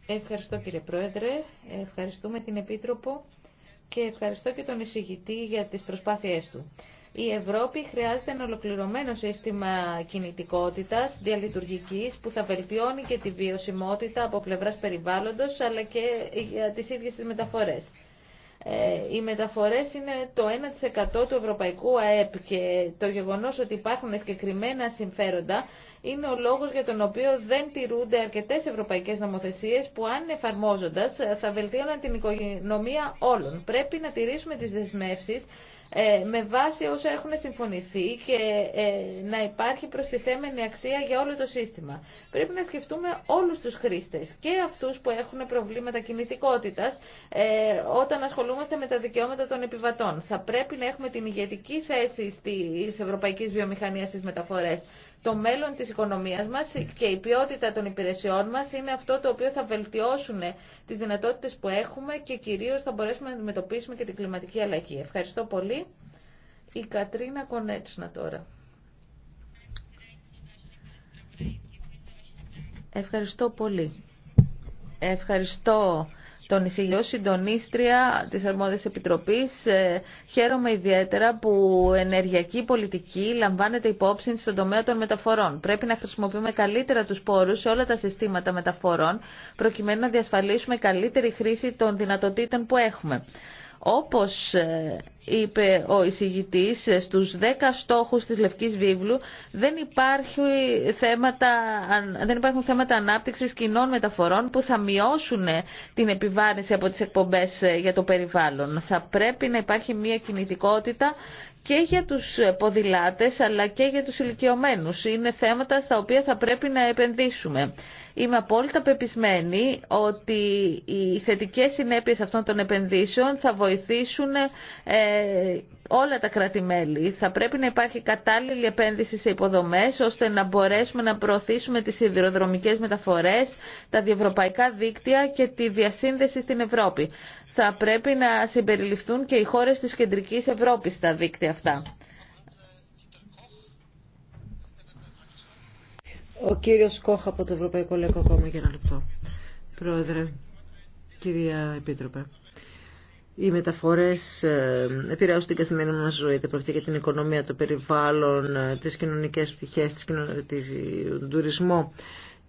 Ευχαριστώ κύριε Πρόεδρε. Ευχαριστούμε την Επίτροπο και ευχαριστώ και τον εισηγητή για τις προσπάθειές του. Η Ευρώπη χρειάζεται ένα ολοκληρωμένο σύστημα κινητικότητας διαλειτουργικής που θα βελτιώνει και τη βιωσιμότητα από πλευράς περιβάλλοντος αλλά και για τις ίδιες τις μεταφορές. Ε, οι μεταφορές είναι το 1% του ευρωπαϊκού ΑΕΠ και το γεγονός ότι υπάρχουν συγκεκριμένα συμφέροντα είναι ο λόγος για τον οποίο δεν τηρούνται αρκετές ευρωπαϊκές νομοθεσίες που αν εφαρμόζοντας θα βελτίωναν την οικονομία όλων. Πρέπει να τηρήσουμε τις δεσμεύσεις ε, με βάση όσα έχουν συμφωνηθεί και ε, να υπάρχει προστιθέμενη αξία για όλο το σύστημα. Πρέπει να σκεφτούμε όλους τους χρήστες και αυτούς που έχουν προβλήματα κινητικότητας ε, όταν ασχολούμαστε με τα δικαιώματα των επιβατών. Θα πρέπει να έχουμε την ηγετική θέση της Ευρωπαϊκής Βιομηχανίας στις μεταφορές το μέλλον της οικονομίας μας και η ποιότητα των υπηρεσιών μας είναι αυτό το οποίο θα βελτιώσουν τις δυνατότητες που έχουμε και κυρίως θα μπορέσουμε να αντιμετωπίσουμε και την κλιματική αλλαγή. Ευχαριστώ πολύ. Η Κατρίνα Κονέτσνα τώρα. Ευχαριστώ πολύ. Ευχαριστώ τον Ισηλιό, συντονίστρια της Αρμόδιας Επιτροπής. Ε, χαίρομαι ιδιαίτερα που ενεργειακή πολιτική λαμβάνεται υπόψη στον τομέα των μεταφορών. Πρέπει να χρησιμοποιούμε καλύτερα τους πόρους σε όλα τα συστήματα μεταφορών, προκειμένου να διασφαλίσουμε καλύτερη χρήση των δυνατοτήτων που έχουμε. Όπως ε, είπε ο εισηγητής, ε, στους 10 στόχους της Λευκής Βίβλου δεν, υπάρχουν θέματα, δεν υπάρχουν θέματα ανάπτυξης κοινών μεταφορών που θα μειώσουν ε, την επιβάρυνση από τις εκπομπές για το περιβάλλον. Θα πρέπει να υπάρχει μια κινητικότητα και για τους ποδηλάτες αλλά και για τους ηλικιωμένους. Είναι θέματα στα οποία θα πρέπει να επενδύσουμε. Είμαι απόλυτα πεπισμένη ότι οι θετικές συνέπειες αυτών των επενδύσεων θα βοηθήσουν ε, όλα τα κράτη-μέλη. Θα πρέπει να υπάρχει κατάλληλη επένδυση σε υποδομές ώστε να μπορέσουμε να προωθήσουμε τις σιδηροδρομικές μεταφορές, τα διευρωπαϊκά δίκτυα και τη διασύνδεση στην Ευρώπη. Θα πρέπει να συμπεριληφθούν και οι χώρες της κεντρικής Ευρώπης στα δίκτυα αυτά. Ο κύριος Κόχα από το Ευρωπαϊκό Λαϊκό Κόμμα για ένα λεπτό. Πρόεδρε, κυρία Επίτροπε. Οι μεταφορέ ε, επηρεάζουν την καθημερινή μα ζωή. Δεν πρόκειται για την οικονομία, το περιβάλλον, ε, τι κοινωνικέ πτυχέ, ε, τον τουρισμό,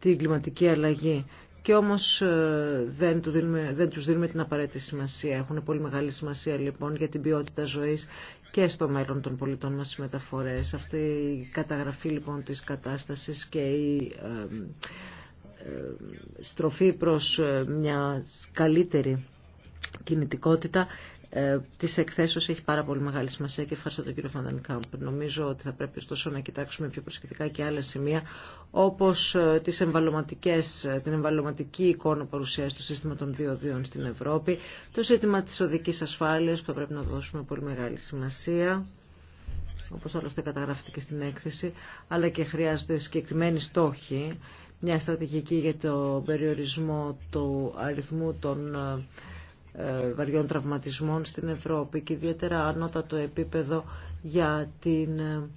την κλιματική αλλαγή και όμως ε, δεν, του δίνουμε, δεν τους δίνουμε την απαραίτητη σημασία. Έχουν πολύ μεγάλη σημασία λοιπόν για την ποιότητα ζωής και στο μέλλον των πολιτών μας οι μεταφορές. Αυτή η καταγραφή λοιπόν της κατάστασης και η στροφή προς ε, μια καλύτερη κινητικότητα ε, τη εκθέσεω έχει πάρα πολύ μεγάλη σημασία και ευχαριστώ τον κύριο Φαντανικάμπ. Νομίζω ότι θα πρέπει ωστόσο να κοιτάξουμε πιο προσεκτικά και άλλα σημεία, όπω ε, ε, την εμβαλωματική εικόνα παρουσίαση στο σύστημα των διοδίων στην Ευρώπη, το ζήτημα τη οδική ασφάλεια που θα πρέπει να δώσουμε πολύ μεγάλη σημασία όπως άλλωστε καταγράφεται και στην έκθεση, αλλά και χρειάζονται συγκεκριμένοι στόχοι, μια στρατηγική για το περιορισμό του αριθμού των ε, ε, βαριών τραυματισμών στην Ευρώπη και ιδιαίτερα άνωτατο επίπεδο για την ε,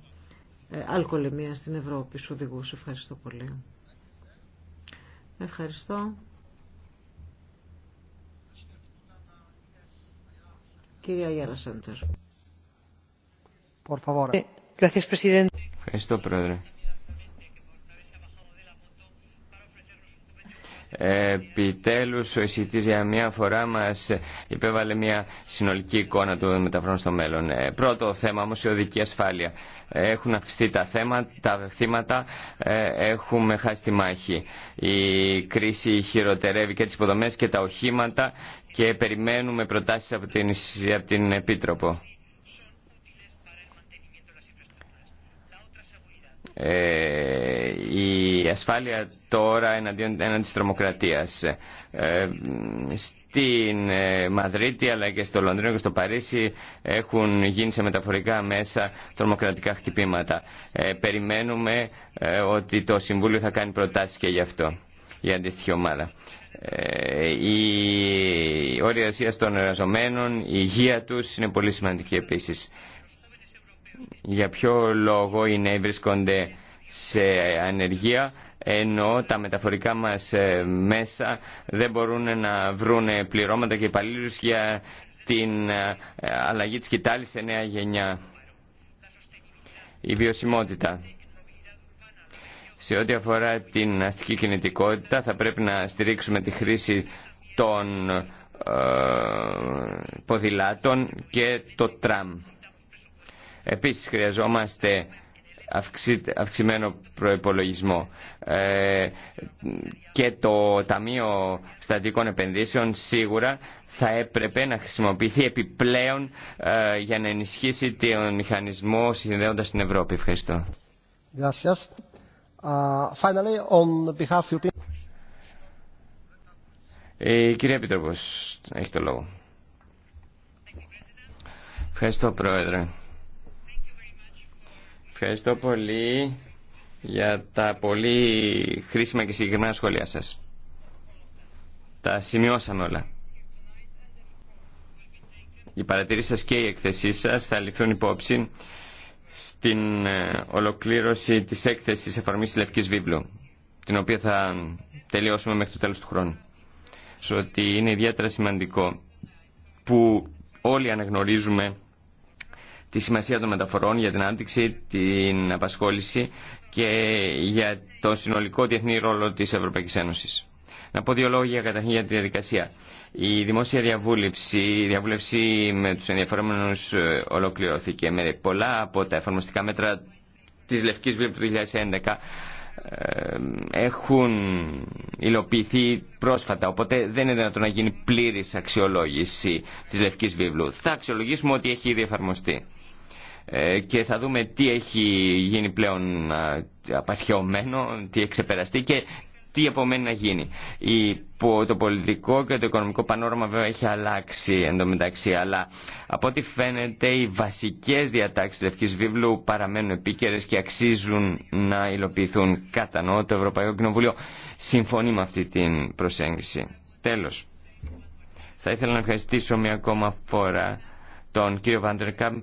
ε, αλκοολεμία στην Ευρώπη. Σου οδηγού, Ευχαριστώ πολύ. Ευχαριστώ. Κυρία Γιάρα Σέντερ. Ευχαριστώ, Πρόεδρε. Επιτέλους ο εισηγητής για μια φορά μας υπέβαλε μια συνολική εικόνα του μεταφρόνου στο μέλλον. Ε, πρώτο θέμα όμως η οδική ασφάλεια. Έχουν αυξηθεί τα, θέματα, τα θύματα, ε, έχουμε χάσει τη μάχη. Η κρίση χειροτερεύει και τις υποδομές και τα οχήματα και περιμένουμε προτάσεις από την, από την Επίτροπο. Ε, η ασφάλεια τώρα εναντίον τη της τρομοκρατίας ε, στην ε, Μαδρίτη αλλά και στο Λονδίνο και στο Παρίσι έχουν γίνει σε μεταφορικά μέσα τρομοκρατικά χτυπήματα περιμένουμε ότι το Συμβούλιο θα κάνει προτάσεις και γι' αυτό η αντίστοιχη ομάδα η όρια των εργαζομένων η υγεία τους είναι πολύ σημαντική επίσης για ποιο λόγο οι νέοι βρίσκονται σε ανεργία ενώ τα μεταφορικά μας ε, μέσα δεν μπορούν να βρουν πληρώματα και υπαλλήλου για την ε, αλλαγή της κοιτάλης σε νέα γενιά. Η βιωσιμότητα. Σε ό,τι αφορά την αστική κινητικότητα θα πρέπει να στηρίξουμε τη χρήση των ε, ποδηλάτων και το τραμ. Επίσης χρειαζόμαστε αυξημένο προϋπολογισμό ε, και το Ταμείο Στατικών Επενδύσεων σίγουρα θα έπρεπε να χρησιμοποιηθεί επιπλέον ε, για να ενισχύσει τον μηχανισμό συνδέοντας την Ευρώπη. Ευχαριστώ. Gracias. finally, on behalf of Η ε, κυρία Επιτροπός έχει το λόγο. Ευχαριστώ, Πρόεδρε. Ευχαριστώ πολύ για τα πολύ χρήσιμα και συγκεκριμένα σχόλια σας. Τα σημειώσαμε όλα. Οι παρατηρήσεις σας και η εκθεσή σας θα ληφθούν υπόψη στην ε, ολοκλήρωση της έκθεσης εφαρμής Λευκής Βίβλου, την οποία θα τελειώσουμε μέχρι το τέλος του χρόνου. ότι είναι ιδιαίτερα σημαντικό που όλοι αναγνωρίζουμε τη σημασία των μεταφορών για την άπτυξη, την απασχόληση και για το συνολικό διεθνή ρόλο της Ευρωπαϊκής Ένωσης. Να πω δύο λόγια καταρχήν για τη διαδικασία. Η δημόσια διαβούλευση, η διαβούλευση με τους ενδιαφερόμενους ε, ολοκληρώθηκε με πολλά από τα εφαρμοστικά μέτρα της Λευκής Βίβλου του 2011 ε, έχουν υλοποιηθεί πρόσφατα οπότε δεν είναι δυνατόν να γίνει πλήρης αξιολόγηση της Λευκής Βίβλου. Θα αξιολογήσουμε ότι έχει ήδη εφαρμοστεί. Ε, και θα δούμε τι έχει γίνει πλέον απαρχαιωμένο, τι έχει ξεπεραστεί και τι απομένει να γίνει. το πολιτικό και το οικονομικό πανόραμα βέβαια έχει αλλάξει μεταξύ, αλλά από ό,τι φαίνεται οι βασικές διατάξεις της Λευκής Βίβλου παραμένουν επίκαιρες και αξίζουν να υλοποιηθούν. Κατανοώ το Ευρωπαϊκό Κοινοβούλιο συμφωνεί με αυτή την προσέγγιση. Τέλος, θα ήθελα να ευχαριστήσω μια ακόμα φορά τον κύριο Βαντερκάμπ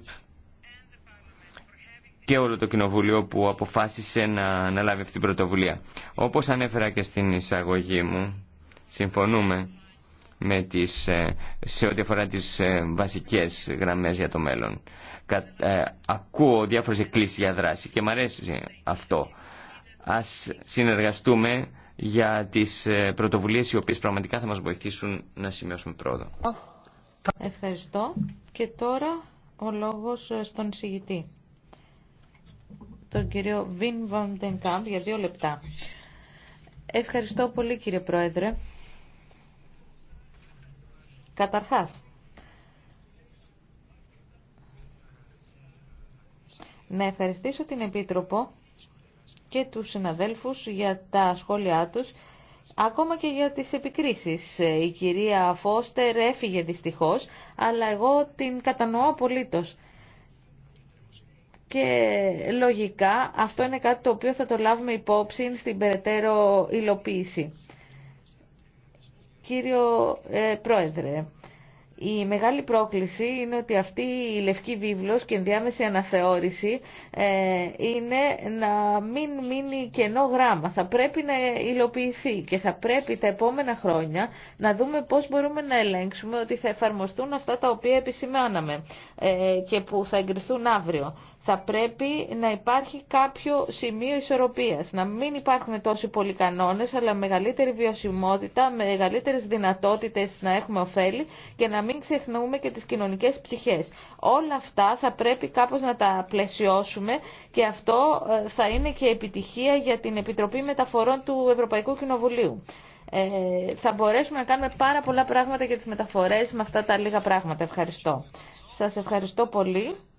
και όλο το Κοινοβούλιο που αποφάσισε να λάβει αυτή την πρωτοβουλία. Όπως ανέφερα και στην εισαγωγή μου, συμφωνούμε με τις, ε, σε ό,τι αφορά τις ε, βασικές γραμμές για το μέλλον. Κα, ε, ακούω διάφορες εκκλήσεις για δράση και μου αρέσει αυτό. Ας συνεργαστούμε για τις πρωτοβουλίες οι οποίες πραγματικά θα μας βοηθήσουν να σημειώσουμε πρόοδο. Ευχαριστώ. Και τώρα ο λόγος στον συγητή τον κύριο Βιν Βαντενκάμπ για δύο λεπτά. Ευχαριστώ πολύ κύριε Πρόεδρε. Καταρχάς, να ευχαριστήσω την Επίτροπο και τους συναδέλφους για τα σχόλιά τους, ακόμα και για τις επικρίσεις. Η κυρία Φώστερ έφυγε δυστυχώς, αλλά εγώ την κατανοώ απολύτως και λογικά αυτό είναι κάτι το οποίο θα το λάβουμε υπόψη στην περαιτέρω υλοποίηση. Κύριο ε, Πρόεδρε, η μεγάλη πρόκληση είναι ότι αυτή η λευκή βίβλος και ενδιάμεση αναθεώρηση ε, είναι να μην μείνει κενό γράμμα. Θα πρέπει να υλοποιηθεί και θα πρέπει τα επόμενα χρόνια να δούμε πώς μπορούμε να ελέγξουμε ότι θα εφαρμοστούν αυτά τα οποία επισημάναμε ε, και που θα εγκριθούν αύριο θα πρέπει να υπάρχει κάποιο σημείο ισορροπίας. Να μην υπάρχουν τόσοι πολλοί κανόνες, αλλά μεγαλύτερη βιωσιμότητα, μεγαλύτερες δυνατότητες να έχουμε ωφέλη και να μην ξεχνούμε και τις κοινωνικές πτυχές. Όλα αυτά θα πρέπει κάπως να τα πλαισιώσουμε και αυτό ε, θα είναι και επιτυχία για την Επιτροπή Μεταφορών του Ευρωπαϊκού Κοινοβουλίου. Ε, θα μπορέσουμε να κάνουμε πάρα πολλά πράγματα για τις μεταφορές με αυτά τα λίγα πράγματα. Ευχαριστώ. Σας ευχαριστώ πολύ.